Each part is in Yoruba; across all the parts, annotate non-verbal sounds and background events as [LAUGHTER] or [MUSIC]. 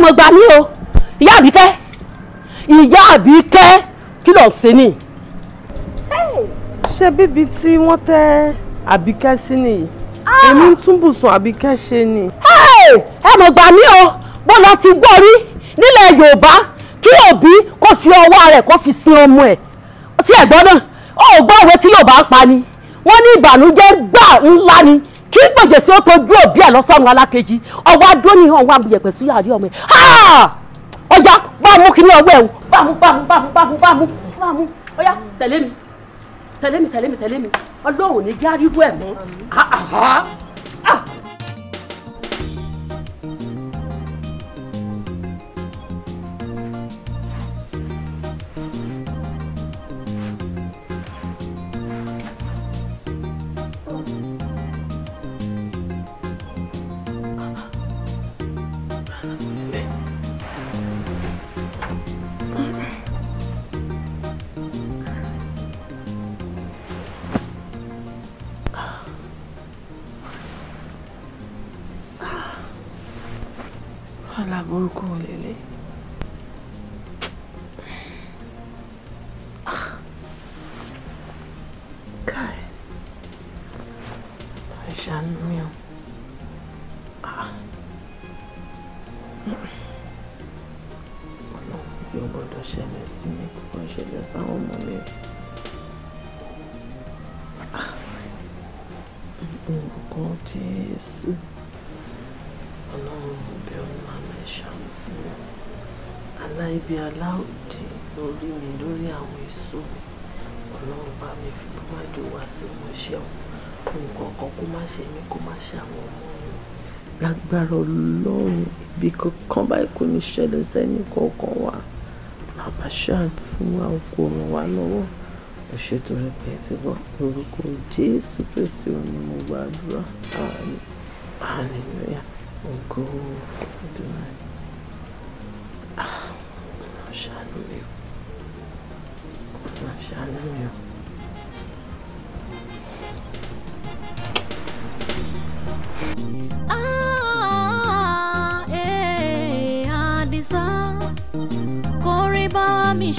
mo gbà mí o ìyá àbíkẹ́ ìyá àbíkẹ́ kí ló ń ṣe ni. ṣé bíbi tí wọ́n tẹ́ àbíkẹ́ sí nìyí ah! èmi ń túbù sùn àbíkẹ́ ṣe ni. ẹ mọ̀ gbà mí o bó lọ ti gbọ́ rí nílẹ̀ yorùbá kí òbí kó fi ọwọ́ rẹ̀ kó fi sin ọmọ ẹ̀ tí ẹ̀ gbọ́ náà ó gbọ́ òwe tí yorùbá ń pa ni wọ́n ní ìbànújẹ́ gbà ńlá ni kí gbèjèsí ó tó dúró bí ẹ̀ lọ́sọ̀rùn alákejì ọwọ́ adúró ni ọwọ́ àbúyẹ̀pẹ̀ sí yàrá ọmọ ẹ̀ ọjà bá mú kini ní ọwọ́ ẹ̀ bá mú bá mú bá mú bá mú bá mú bá mú ọyá tẹ̀lé mi tẹ̀lé mi tẹ̀lé mi tẹ̀lé mi ọlọ́run ní járíwú ẹ̀ mọ́ lágbára ọlọ́run ibi kankan báyìí kò ní ṣẹlẹ̀ sẹ́ni kankan wa bàbá ṣáàbù fún wa kò ràn wá lọ́wọ́ òṣètò rẹ̀ bẹ̀ẹ́ ti bọ́ orúkọ jésù kristi ni mo gbàdúrà àmín hallelujah ògo ìdúrà ah, ọ̀nà ṣàánú mi ọ̀nà ṣàánú mi ọ̀.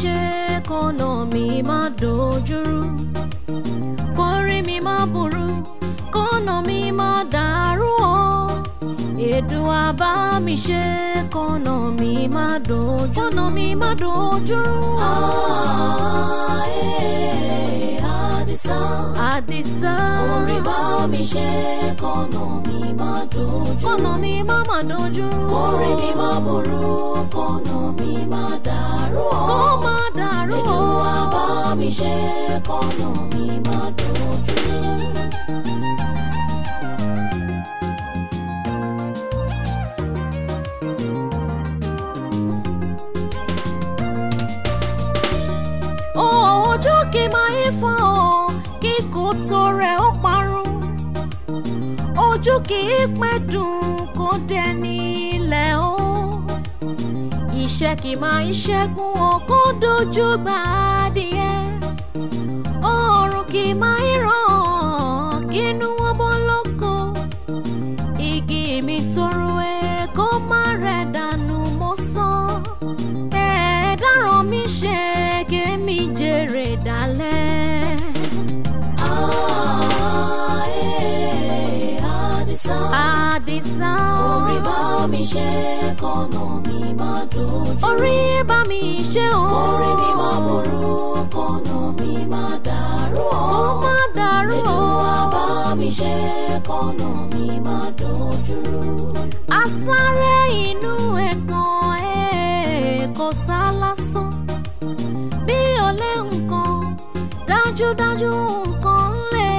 ṣe kọ́nà mi má dojúrú kórí mi má burú kọ́nà mi má dàrú o èdùn àbá mi ṣe kọ́nà mi má dojú kọ́nà mi má dojúrú Ah, eh, eh àdìsán. àdìsán. orin bá mi ṣe kọ́nà mi má dojú. kọ́nà mi má má dojú. orin mi má burú kọ́nà mi má dàrú. kó má dàrú. Èdùà bá mi ṣe kọ́nà mi má dojú. ojú kì máa ń fọ́. ojú kì í pẹ́ dùn kó dẹni ilẹ̀ o iṣẹ́ kì máa ń ṣẹ́gun o dojú gbà adìyẹ oòrùn kì máa ń ràn kínú ṣe kọ́nà mi má dojú. orí bá mi ṣe o. orí mi má burú kọ́nà mi má dàrú o. ó má dàrú o. Èdùà bá mi ṣe kọ́nà mi má dojú. asáré inú ẹ̀kan ẹ̀ kò sá lásán bí ó lé nǹkan dájúdájú nǹkan lé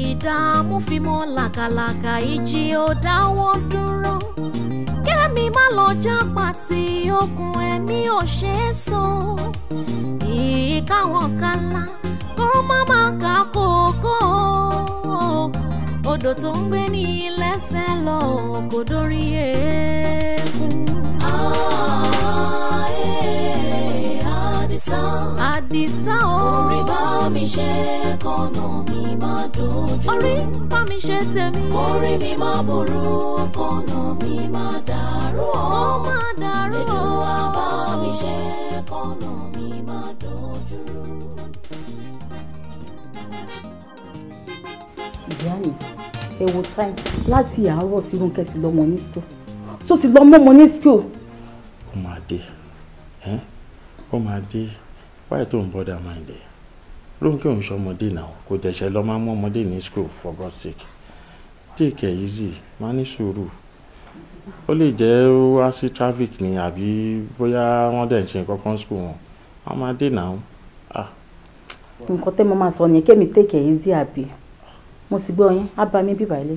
ìdààmú fimọ́ làkàlàkà ìjì ò dáwọ́ dúró má lọ jápa tí okùn ẹ̀mí ò ṣe é so èyí káwọn kala kán má má ka kókó odò tó ń gbé ní lẹ́sẹ̀ lọ kò dórí eékún. Ah, eh, ah àdìsá àdìsá o. orí bá mi ṣe kọ́nà mi má dojú. orí bá mi ṣe tèmi. orí mi má burú kọ́nà mi má dàrú o. ó má dàrú o. Èdùà bá mi ṣe kọ́nà mi má dojú. ìyá mi ẹ wo time láti àárọ̀ tí Rónkẹ́ ti lọ́mọ ní school tó ti lọ́mọ ní school. ó máa dé ẹ́. Eh? ó máa dé wáyé tó ń bọ́dà máa ń dé lóńkè òun ṣọmọdé náà kò dẹ̀ṣẹ̀ lọ máa mú ọmọdé ní school for God's sake take it easy máa ní sùúrù ó lè jẹ́ wá sí traffic ni àbí bóyá wọ́n dẹ̀ ń ṣe nǹkan kan school wọn wọ́n máa náà ah. nǹkan tẹ́ mo máa sọ ni kémi take it easy àbí mo ti gbọ́ yín á bá mi bíbá ilé.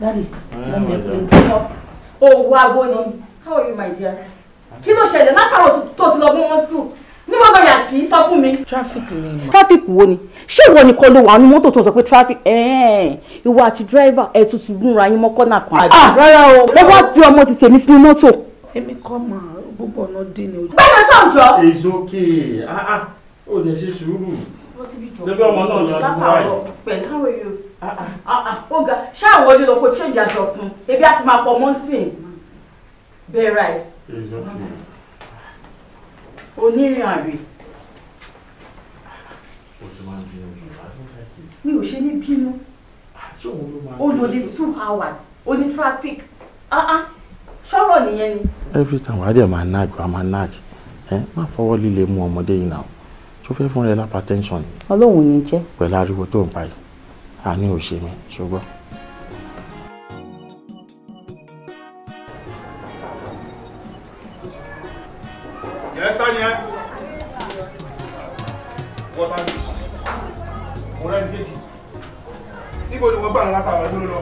dáàbì lọ́mọ ẹ̀kọ́ ó wá gbóni how are you my dear kí ló ṣẹlẹ̀ látàrọ̀ tó ti lọ mú wọn sùn ní wọn lọ́ọ̀yà sí sọ fún mi. traffic ni ma. traffic wo ni ṣé ìwọ nìkan ló wà ní mọ́tò tó sọ pé traffic ìwọ àti dírẹ́fà ẹ̀ tuntun gúnra yín mọ́ kọ́nà kan. Ah, rárá o. ẹ wá fi ọmọ ti tèmi sínú mọ́tò. èmi kọ́ mà gbogbo ọ̀nà dín ní ojú. bẹ́ẹ̀ sọ̀ jọ. èso kè é ó lè ṣe sùúrù. débi ọmọ náà lọ sí wáyé. pẹ̀lú àwọn èèyàn. Ah, ah. ó ga ṣáà wọlé lọ kó change aṣọ fún ebi àti máa pọ̀ mọ́ sí i. bẹ́ẹ̀ ra onírìn àrè mi ò ṣe ní bínú ó lòdì two hours ó ní traffic ah, ah. ṣọ́rọ̀ nìyẹn ni. every time wàá dẹ̀ máa nag wàá máa nag ẹ má fọwọ́ líle mú ọmọdé yìí náà tó fẹ́ fún rẹ lápá tẹ́ńsọ̀n. ọlọ́run ní jẹ́. pẹ̀lú ariwo tó ń pa yìí àánú ò ṣe mí ṣùgbọ́n. ibo ni wọ́n gbà lára tààrà lórí lọ.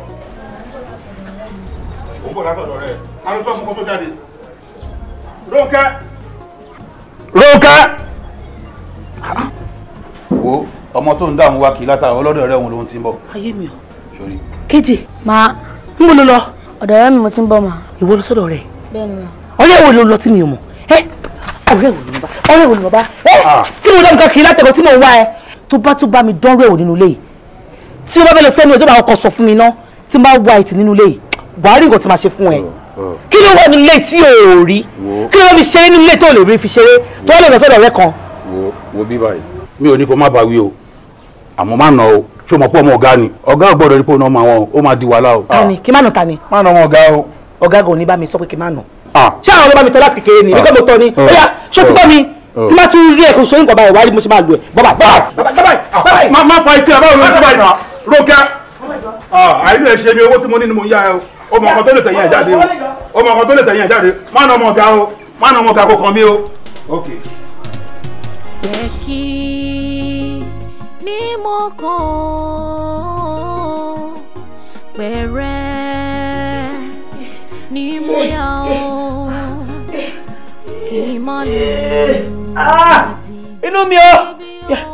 ó bọ̀ látọ̀dọ̀ rẹ̀ arúgbó ọmọ kan tó jáde. Rónkẹ́. Rónkẹ́. wo ọmọ tó ń dààmú wa kì í látara ọlọ́dọ̀ rẹ̀ òun ló ń ti ń bọ̀. ayé mi o. sori. kejì máa ń bolo lọ. ọ̀dọ̀ ọ̀rẹ́ mi mo ti ń bọ̀ mà. ìwọ lọ sọ́dọ̀ rẹ̀. bẹ́ẹ̀ni ma. ọ̀rẹ́ wo ló lọ tí mi ò mọ̀ ẹ́ ọ̀rẹ́ wo ló ń bá ọ̀rẹ́ wo ló ń bá ẹ́ ah. tí mo lọ nǹkan kì í látẹ̀kọ̀ tí mo wá ẹ tó bá tó bá mi dánwò ẹ̀wò nínú ilé yìí tí o bá bẹ̀rẹ̀ sẹ́nu ìjọba ọkọ̀ sọ fún mi ná tí n bá wá ìtì nínú ilé yìí buhari nǹkan ti máa ṣe fún ẹ oh, oh. kí ló wà nílé tí o ò rí kí ló fi ṣeré nílé tó lè rí fi ṣeré tó lè lọ sọ́dọ̀ rẹ kan. wo bí báyìí mi ò ní kó má bá wí o àmọ́ má nà o ṣé o mọ̀ pé ọmọ ọ̀gá ni ọ̀gá ò gbọ́dọ̀ rí pé ọ̀nà ọmọ àwọn ó máa di wàhálà o. tani ah. kí má nà tani. má nà ọmọ ọ̀gá o. ọ̀gá gan ni bá mi sọ pé kí má nà. Ah. ṣé àwọn ọlọ́ba mi tọ́ láti kékeré ni èmi ah. kọ́ mo tọ́ ni oh. ó yá ṣó ti bá mi tí má tún rí ẹ̀kọ́ sóyún kọ́ báyìí wàá rí mo ṣe máa lù ẹ̀ bọ́bà bọ́bà bọ́bà bọ́bà. má fa etí ẹ báwo ló ń bá yìí. Rónkẹ́ oh ah, àìní ẹ̀ ṣe mi owó tí mo ní ni mo ń yá o ọmọ ọkọ tó lè tẹ̀yìn ẹ̀ jáde o ọmọ oh ọkọ tó lè tẹ̀yìn ẹ̀ jáde má nà ọmọ ọ̀gá o má nà ọmọ ọ̀gá kò kàn mí o. Bẹ́ẹ̀kì mímọ́ kan pẹ̀rẹ́ ni mo yá o kì í má lò ó. Ah! mi o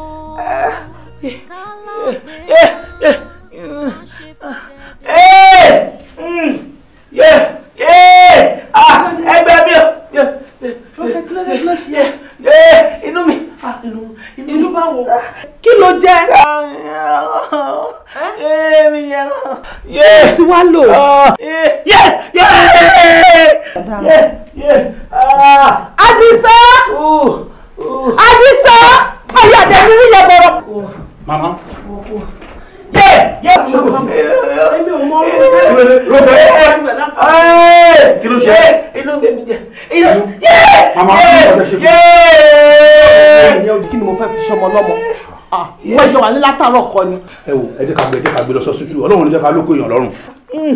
ẹgbẹ́ mi inú mi inú bá wò kí ló jẹ́ èmi yẹn yé tí wàá lò yé yé yé Àdìsá Àdìsá ayé àdéhùn yẹn bọ̀rọ̀ mama. yẹ yẹ èmi ò mọ orúkọ rẹ kí ló ṣe inú mi mi jẹ yẹ mama kí ló ṣe kí ni mo fẹ́ fi ṣọmọ lọ́mọ wọ́n jọ wà ní látàárọ̀ kọ ni. ẹ wo ẹ jẹ́ ká gbé ẹ jẹ́ ká gbé lọ sọ́sítù ọlọ́run ló jẹ́ ká lóko èèyàn lọ́rùn.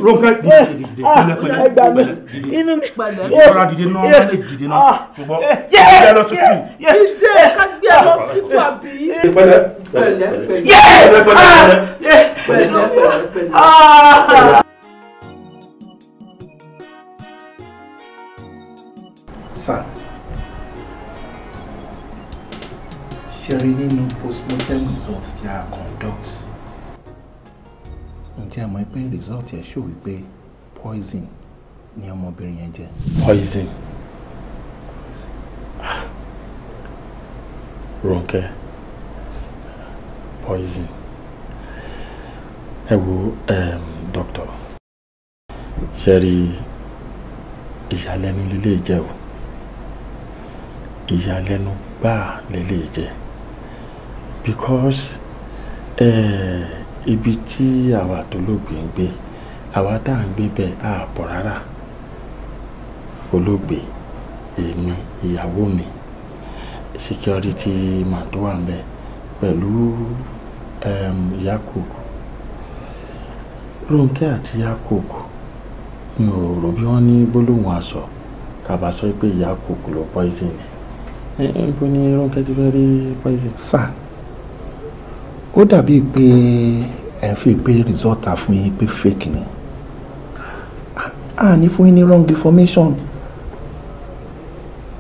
ronke dìde dìde kúnlẹ̀ pẹ̀lẹ́ pẹ̀lẹ́ dìde inú mi pẹ̀lẹ́ ìrora dìde náà mẹlẹ dìde náà ah, ṣùgbọ́n ẹ lọ sọ́sítù. dìde ká gbé ẹ lọ sọ́sítù àbí. pẹ̀lẹ́ pẹ̀lẹ́ pẹ̀lẹ́ pẹ̀lẹ́ pẹ̀lẹ́. sáà ṣẹ̀rí no postmortem results tí a conduct ǹjẹ́ àmọ́ pé result ẹ̀ ṣò wípé poison ni ọmọbìnrin yẹn jẹ. poison Ronke poison ẹ wo um, doctor ṣẹ́rí ìyàlẹ́nu lélẹ́ẹ̀jẹ́ o ìyàlẹ́nu gbáà lélẹ́ẹ̀jẹ́ because eh, ibi tí àwa tolóògbé ń gbé àwa tá à ń gbé bẹ́ẹ̀ á pọ̀ rárá olóògbé èmi ìyàwó mi security man tó wà ń bẹ pẹ̀lú Yakub Rónkẹ́ àti Yakub mi ò rò bí wọ́n ní gbólóhùn aṣọ kàbá sọ pé Yakub ló poison ni níbo ni Rónkẹ́ ti fẹ́ rí poison. sáà ó dàbíi pé ẹ ń fi pé rìsọ́ọ̀tà fún yín pé fake ni a ní fún yín ní wrong information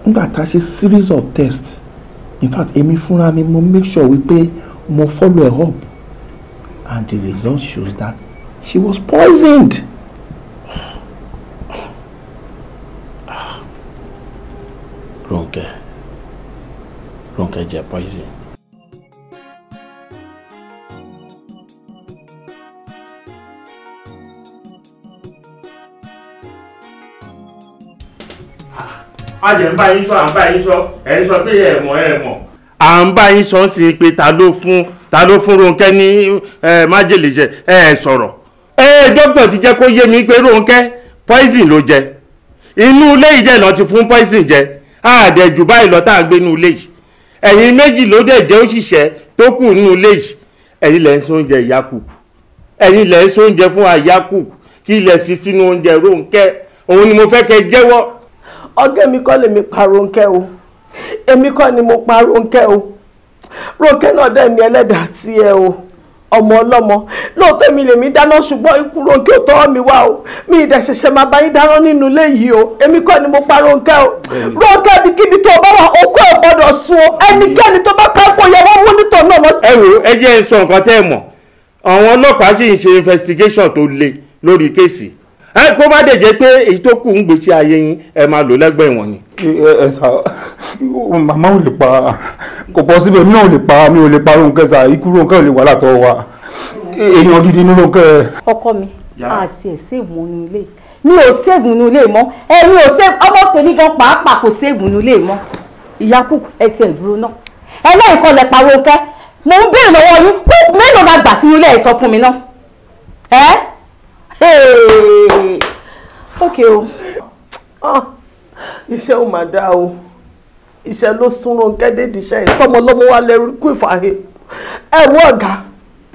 nígbà tá a ṣe series of tests in fact èmi fúnra mi mo make sure wípé mo follow her up and the result shows that she was poisoned. Ronke Ronke jẹ poison. a jẹ́ ń bá yín sọ à ń bá yín sọ ẹ̀ ń sọ pé ẹ̀ mọ̀ ẹ̀ mọ̀. à ń bá yín sọ sí pé ta ló fún ta ló fún Rónkẹ́ ní májèlé jẹ ẹ sọ̀rọ̀ ẹ dókítà ti jẹ́ kó yé mi pé Rónkẹ́ poison ló jẹ inú ilé ìjẹ́ náà ti fún poison jẹ àdẹ̀jù báyìí lọ tá à ń gbé inú ilé yìí ẹ̀yin méjì ló dẹ̀ jẹ́ òṣìṣẹ́ tó kù nínú ilé yìí ẹ̀yin lẹ́ ń sóúnjẹ ìyá kùkù ẹ̀yin lẹ́ ń sóúnjẹ fún àyá kùkù kí ilẹ̀ fi sínú oúnjẹ Rónkẹ́ òun ni mo fẹ́ kẹ́ jẹ́wọ́ ọ̀gá mi kọ́ lèmi pa Rónkẹ́ o èmi kọ́ ni mo pa Rónkẹ́ o Rónkẹ́ náà dẹ̀ ní ẹlẹ́dàá tí ẹ o ọmọ ọlọ́mọ lóòótọ́ mi lèmi dáná ṣùgbọ́n ikú Rónkẹ́ ò tọ́wọ́ mi wá o mi ìdẹ̀ ṣẹ̀ṣẹ̀ máa bá yín dáná nínú ilé yìí o èmi kọ́ ni mo pa Rónkẹ́ o Rónkẹ́ ibikíbi tó bá wà okó ẹ̀ gbọ́dọ̀ sun o ẹnikẹ́ni tó bá pẹ́ kó yẹ wọ́n mú nítọ̀ náà lọ. ẹ wo ẹ jẹ́ sọ nǹkan tẹ́ ẹ mọ̀ àwọn ọlọ́pàá sì ń ṣe investigation tó le lórí kéèsì ẹ kó má dẹ̀ jẹ́ pé èyí tó kù ń gbèsè ayé yín ẹ máa lò lẹ́gbẹ̀ẹ́ wọn ni. ẹ sà màmá ò lè pa kò bọ́ síbẹ̀ mi náà ò lè pa mi ò lè pa Rónkẹ́ sà ikú Rónkẹ́ ò lè wà látọ̀ wa èèyàn gidi ní Rónkẹ́. ọkọ mi àti ẹ ṣègùn oyún ilé mi ò ṣègùn inú ilé mọ ẹ̀yin ò ṣègùn ọmọ tèmi gan pàápàá kò ṣègùn inú ilé mọ ìyá kù ẹsẹ̀ ìdúró náà ẹlẹ́yìn kan lẹ pa Rónkẹ́ mo ń béèrè lọ́wọ́ yín mélòó la gbà sínú ilé ẹ̀ sọ fún mi náà ẹ́ ok o ah, iṣẹ́ ò máa dáa o iṣẹ́ ló súnrun kẹ́dẹ́ẹ̀dì iṣẹ́ yìí tọmọlọ́mọ wa lẹ́rú kú ìfàhẹ́ ẹ wọ ọ̀gá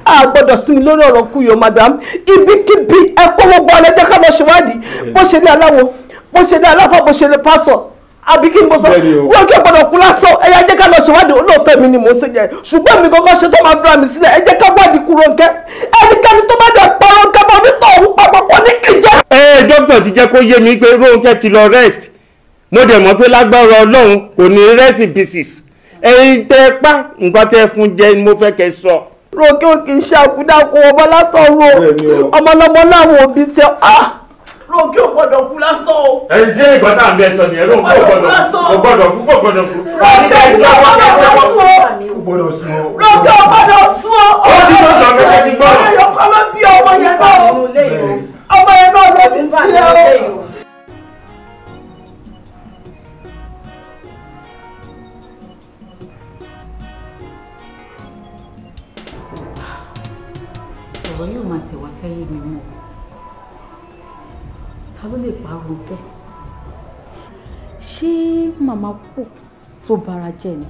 a gbọ́dọ̀ sinmi lórí ọ̀rọ̀ kuyọ̀ madam ibikíbi ẹ kó gbogbo ọ̀rẹ́jẹ́ ká lọ ṣèwádìí bó ṣe ní aláwo bó ṣe ní aláfọ̀ bó ṣe ní pásọ̀ àbí kí n bọ sọ wọn kí ọgbọdọ kú lásán ẹ yá jẹ́ ká lọ ṣèwádìí olóòótọ́ mi ni mò ń ṣe yẹn ṣùgbọ́n mi gangan ṣe tó máa fira mi sílẹ̀ ẹ jẹ́ ká wádìí kúrò ńkẹ ẹnikẹ́ni tó bá jẹ pọrọ ńkẹ bá mi tọ òun papọ̀ kọ ní kìjẹ. ẹ ẹ dókítà ti jẹ́ kó yé mi pé Rónkẹ́ ti lọ rest mo dẹ̀ mọ̀ pé lágbára Ọlọ́run kò ní rest in pieces ẹ̀yin tẹ́ pa nǹkan tẹ́ fún jẹ ni mo fẹ́ kẹ́ sọ. Rónkẹ́ ò kì í ṣe àkúdàkùn ọmọ látọ̀run ọmọlọmọ Ronke ò gbọ́dọ̀ kú lásán o. ẹ jẹ́ ìgbà tá à ń bẹ sọ nìyẹn Ronke ò gbọ́dọ̀ kú ò gbọ́dọ̀ kú ò gbọ́dọ̀ kú. Ronke ò gbọ́dọ̀ sún o. Ronke ò gbọ́dọ̀ sún o. ó ti tó sọ pé ẹ ti gbọ́. ọmọ yẹn kọ́ ló bí ọmọ yẹn náà o. ọmọ yẹn náà ló ti tiẹ̀ o. ọ̀rọ̀ yóò máa ṣèwà fẹ́ yé mi ta ló lè pariwo bẹ́ẹ̀ ṣé màmá pò tó bara jẹ́ ni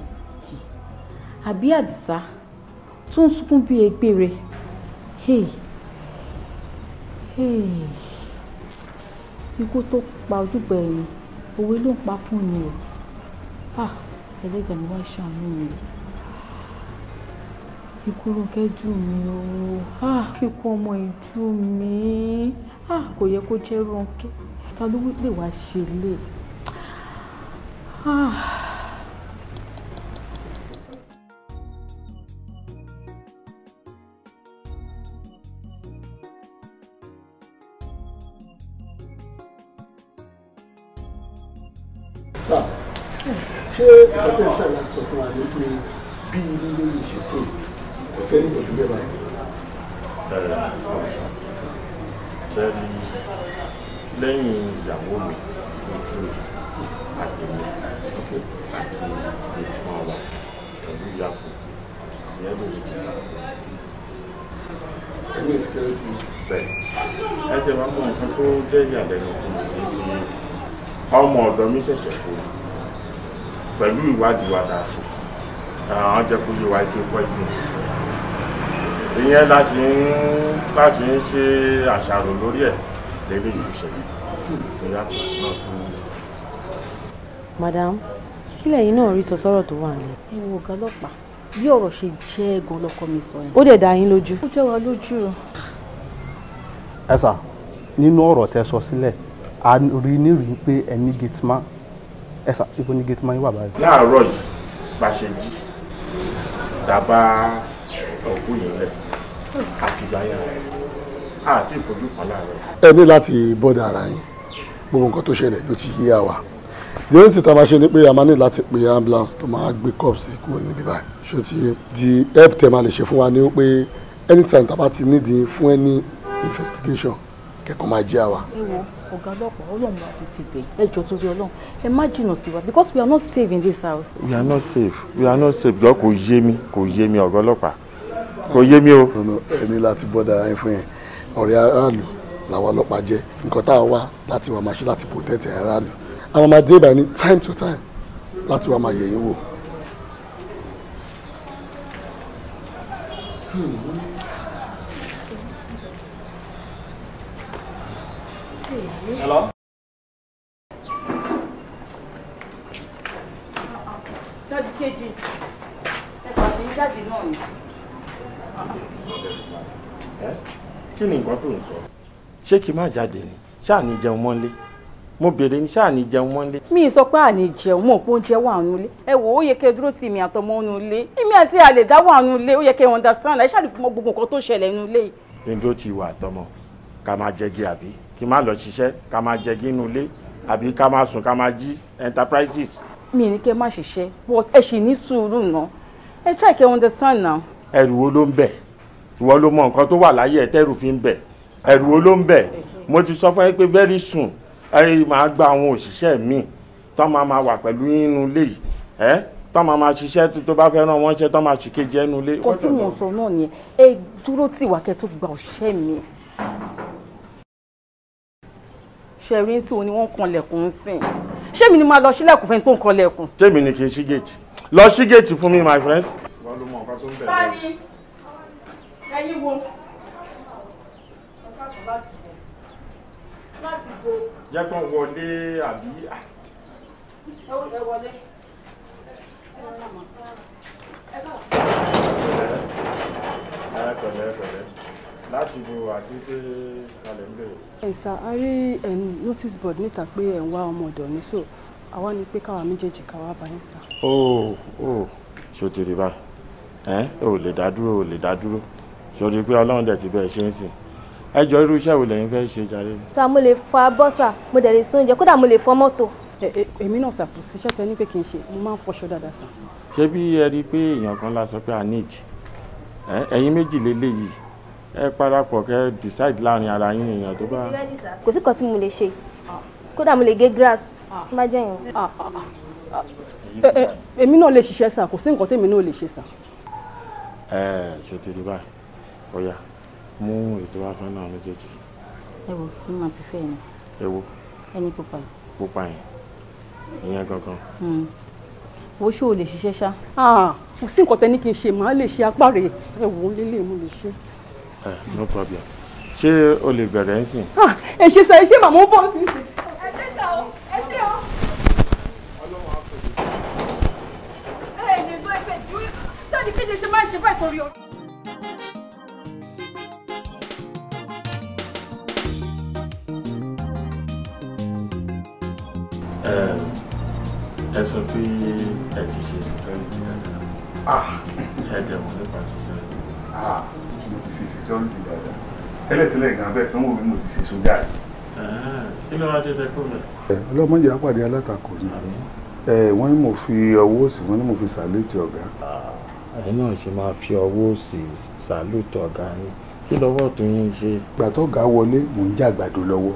àbí àdìsá tó ń sunkún bíi egbére ikú tó pa ojúbọ ẹ̀yìn òwe ló ń pa fún mi o ah, ẹlẹ́dàá mi wá ṣàánú mi ikú Rónkẹ́ dùn mí o ah, ikú ọmọ ìdùn mí ah kò yẹ kó jẹ́ Ronke ta ló wí pé ṣe lé ah. ṣé ìgbà tó ń ṣàlàyé sọ fún wa ní pé bí ilé ìṣètò kò sẹ́yìn ìgbà tó bẹ́ẹ̀ báyìí. jẹ́ ìyàlẹ́nu fún mi ní ti ọmọ ọ̀dọ́ mi ṣẹ̀ṣẹ̀ kú pẹ̀lú ìwádìí wa dáa sí àwọn jẹkulé wa ike pọ́ìsì ìyẹn la ṣe ń la ṣe ń ṣe àṣàrò lórí ẹ̀ lélẹ́ ìlú ṣẹlẹ̀ ìyàtọ̀ náà fún mi. madam kí lẹ́yìn náà rí sọ sọ́rọ̀ tó wà nílẹ̀. ẹ wo ọ̀gá ọlọ́pàá bí ọ̀rọ̀ ṣe jẹ́ gan-an lọ́kọ mi sọ yẹn. ó dẹ̀ dá yín lójú. ó jẹ́ wa lójú ẹ sà nínú ọ̀rọ̀ tẹ́ sọ sílẹ̀ a rí nírìí pé ẹ ní gateman ẹ sà ibo ní gateman yín wà báyìí. láàárọ̀ yìí bá ṣe jí dábà òkú yìí rẹ̀ àti ìgbáyà rẹ̀ àti ìfojú kan láàárọ̀. ẹ ní láti bọ́dà ara yín gbogbo nǹkan tó ṣẹlẹ̀ ló ti yé àwa yóò sì tá a máa ṣe ni pé a máa ní láti pe ambulance tó máa gbé cups kúrò níbí báyìí ṣó ti di help tẹ máa lè ṣe fún wa ni pé anytime tá a bá ti nídìí fún any investigation kẹ́kọ̀ọ́ máa jẹ́ àwa. ẹ wo ọ̀gá ọlọ́pàá ọlọ́run máa fi fìbẹ̀ ẹ jọ torí ọlọ́run ẹ má jìnnà sí wa because we are not safe in this house. we are not safe we are not safe jọ kò yé mi kò yé mi ọ̀gá ọlọ́pàá kò yé mi o. ẹni láti bọ́ dára yín fún yẹn ọ̀rẹ́ aráàlú làwọn ọlọ́pàá jẹ́ nǹkan tá a wá láti wá máa ṣe láti protect aráàlú àwọn máa dé ìbàní time to time láti wá máa yẹ̀yìn wò. Hmm. kí ni nǹkan tó ń sọ. ṣé kí n má jáde ni ṣáà ní jẹun mọ́lé mo béèrè ní ṣáà ní jẹun mọ́lé. mi sọ pé àní jẹun mọ̀ pé oúnjẹ wà nù ilé ẹ wò ó yẹ kẹ́ dúró tì mí àtọmọ nù ilé èmi àti àlè dá wà nù ilé ó yẹ kẹ́ understand ẹ ṣáà mọ gbogbo nǹkan tó ṣẹlẹ̀ nù ilé. kí n dúró ti wà àtọmọ ká máa jẹgi àbí kí n má lọ ṣiṣẹ́ ká máa jẹgi nù ilé àbí ká máa sùn ká máa jí enterprises. mi ní kẹ́ má ṣiṣẹ́ but ẹ sì ní sùúrù náà ẹ try kẹ́ understand now. ẹrù wo ló ń bẹ̀ ìwọ ló mọ nǹkan tó wà láyé ẹ tẹ́rù fi ń bẹ̀ ẹ̀rù wo ló ń bẹ̀ mo ti sọ fún yín pé very soon ẹ máa gba àwọn òṣìṣẹ́ mi tó máa máa wà pẹ̀lú nínú ilé yìí ẹ tó máa máa ṣiṣẹ́ tó bá fẹ́ ràn wọ́n ṣe tó máa ṣì kejì ẹnu ilé. kò tí mò ń sọ náà ni ẹ dúró tì wá kẹ́ tó gba òṣìṣẹ́ mi ṣẹ̀rí ń sìn òní wọ́n ń kanlẹ̀kùn ń sìn ṣé mi ni máa lọ sílẹ̀kùn fẹ́ni tó ń kanlẹ̀kùn. tèmi ni kì í ṣí géètì lọ ṣí géètì fún mi my friend. wọ́n ẹ̀yin wo jẹ́ kàn wọlé àbí. ẹ wọlé láti bo àti pé kalẹ̀ ń bẹ̀rẹ̀. ẹ sá a rí notice board níta pé ẹ̀ ń wá ọmọ ọ̀dọ̀ ní so àwa ni pé káwa méjèèjì káwa bá yín sá. ó ó ṣó ti rí báyìí ẹ ò lè dá dúró ò lè dá dúró sọ̀rọ̀ pé ọlọ́run dẹ̀ ti bẹ̀ẹ̀ ṣe ń sìn ẹ jọ irú iṣẹ́ wo lẹ́yìn fẹ́ ṣe jàre. ta mo lè fọ abọ́ sà mo dẹ̀ lè sún oúnjẹ kódà mo lè fọ mọ́tò. èmi náà sà síṣẹ́ tẹ ní pé kì í ṣe mo máa ń fọṣọ dáadáa sà. ṣé bí ẹ rí i pé èèyàn kan la sọ pé i need ẹ̀yin méjì lélẹ́yìí ẹ parapọ̀ kẹ́ decide láàrin ara yín èèyàn tó bá. kò sí kan tí mo lè ṣe kódà mo lè gé grass má ah. jẹ́ yẹn. Ah, ah, èmi náà lè ṣiṣẹ́ sà kò sí nǹkan tèmi náà lè ṣe sà. ẹ ṣètìlí báyìí ọ̀yà mú ètò afáná méjèèjì. ẹ wo mo máa fi fẹ́ ẹ ní. ẹ wo. ẹni pupa. pupa yẹn ìyẹn gangan. Hmm. wo ṣé o lè ṣiṣẹ́ ṣá. Ah, kò sí nǹkan tẹ́ni kì í ṣe màá lè ṣe apá rẹ̀ ẹ wò ó lélẹ̀ mo lè ṣe. ẹ eh, no problem ṣé o lè bẹ̀rẹ̀ ah, ń sìn. ẹ ṣe sọ ẹ ṣe màmú bọ́ sí i. ẹ ẹ̀sùn tí ẹ ti ṣe security dáadáa ah. ẹ̀dẹ̀ mọ̀ nípa security. Ah, mo ti ṣe security dáadáa tẹ́lẹ̀tẹ́lẹ̀ gan bẹ́ẹ̀ sanwó mi mo ti ṣe sójà. Ah, kí ló wáá dé tẹ́kọ̀ọ́ rẹ̀. ọlọ́mọdé apàdé alátakò ni wọ́n ní mo fi ọwọ́ òsì wọ́n ní mo fi sàlẹ́tì ọ̀gá. ẹ̀yin náà ṣe máa fi ọwọ́ òsì sàlẹ́tì ọ̀gá yín kí lọ́wọ́ tó yín ṣe. ìgbà tó ga wọlé mò ń jẹ àgbàdo lọ́wọ́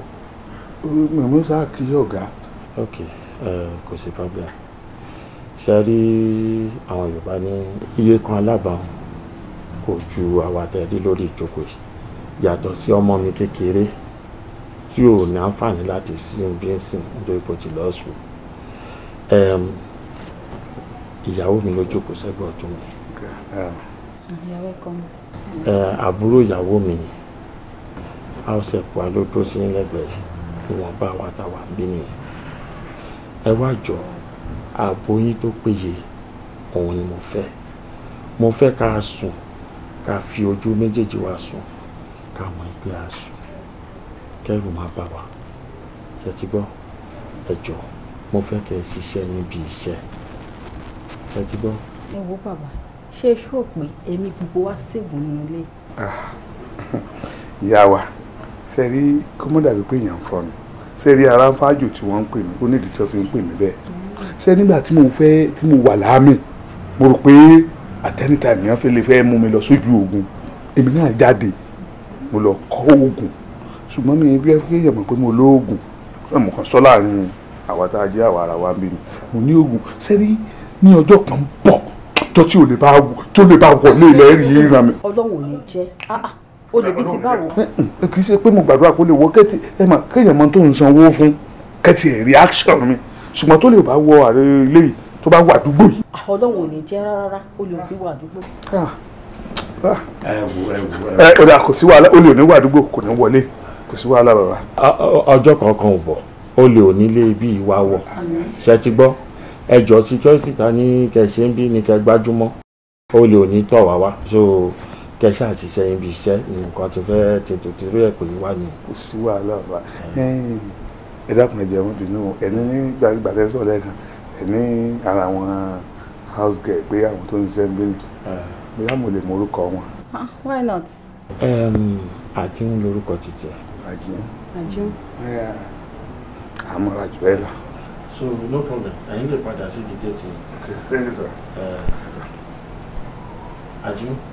mímú sáà kí ọ̀gá ok kò sí problem ṣe rí àwọn yorùbá ní iye kan alábàáhùn kò ju àwa tẹ̀ rí lórí ìjókòó yìí yàtọ̀ sí ọmọ mi kékeré tí ò ní àǹfààní láti sin bí ń sìn nítorí pé ó ti lọ sùn ìyàwó mi ló jókòó sẹ́gbọ̀n ọ̀tún mi àbúrò ìyàwó mi a ó sẹ̀kọ́ alódó sí lẹ́gbẹ̀ẹ́ tí wọ́n bá wa bí nìyẹn ẹ wá jọ ààbò yín tó péye òun ni mo fẹ́ mo fẹ́ ká a sùn ká fi ojú méjèèjì wa sùn ká mọ̀ pé a sùn kẹ́rù má bà wá ṣe ti gbọ́ ẹ jọ mo fẹ́ kẹ́ ẹ ṣiṣẹ́ níbi iṣẹ́ ṣe ti gbọ́. ẹ wo bàbá ṣé ẹ ṣó pé èmi gbogbo wa ṣègùn nínú ilé. Ah, [LAUGHS] ìyá wa ṣe rí kọ́mọ́dà wípé èèyàn ń fọ́ mi sẹ́rí ara ń fájò tí wọ́n ń pè mí ó nídìí tí wọ́n fi ń pè mí bẹ́ẹ̀ ṣé nígbà tí mo fẹ́ tí mo wà láàmì mo rò pé àtẹnitá ènìyàn fẹ́ lè fẹ́ mú mi lọ sójú ogun èmi náà jáde mo lọ kọ́ oògùn ṣùgbọ́n mi bí ẹgbẹ́ yẹ̀ mọ̀ pé mo lo oògùn ṣé mo kàn sọ láàrin àwa tá a jẹ́ àwa ara wa ń bí mi mo ní oògùn sẹ́rí ní ọjọ́ kan bọ̀ tó tí ò lè bá wọlé ilẹ̀ rí ìran mi. ọlọ́run ò ní jẹ́ ah, ah o lè bí ti báwo. kì í ṣe pé mo gbàdúrà kó lè wọ kẹ́tì ẹ mà kéèyàn mọ tó ń sanwó fún kẹ́tì ẹ̀ reaction mi ṣùgbọ́n tó lè bá wọ ààrẹ ilé yìí tó bá wà àdúgbò yìí. Ah, ọlọ́run ò ní jẹ́ rárá o lè fi wà àdúgbò. Ah, ah. ẹ wo ẹ wo ẹ. ẹ ọ̀dà kò sí wàhálà o lè ò ní wà àdúgbò kò ní wọlé kò sí wàhálà bàbá. ọjọ́ kankan ò bọ̀ o lè ò nílé ibi ìwà wọ̀ ṣe ti gbọ́ ẹjọ́ security ta ní kẹ̀ ṣe ń bí ni kẹ̀ gbájúmọ́ o lè ò ní tọ̀ wá wá so kẹsà àṣìṣe ibi iṣẹ́ nǹkan ti fẹ́ ti tètè rí ẹ̀pẹ́ wà ní. kò sí wàhálà bá ẹ dákun ẹ jẹun dùnú ẹni nígbàgbà tẹ sọ lẹ́ẹ̀kan ẹni ara àwọn house girl pé àwọn tó ń ṣiṣẹ́ ń bẹ̀rẹ̀ bóyá mo lè mọ orúkọ wọn. Ah, why not. àjíǹ lorúkọ títì. àjíǹ. àjíǹ. àmọ́ àjọ ẹ̀ lọ. so no problem ẹ̀yin lè padà sí the gate. okay thank you sir. àjíǹ. Uh,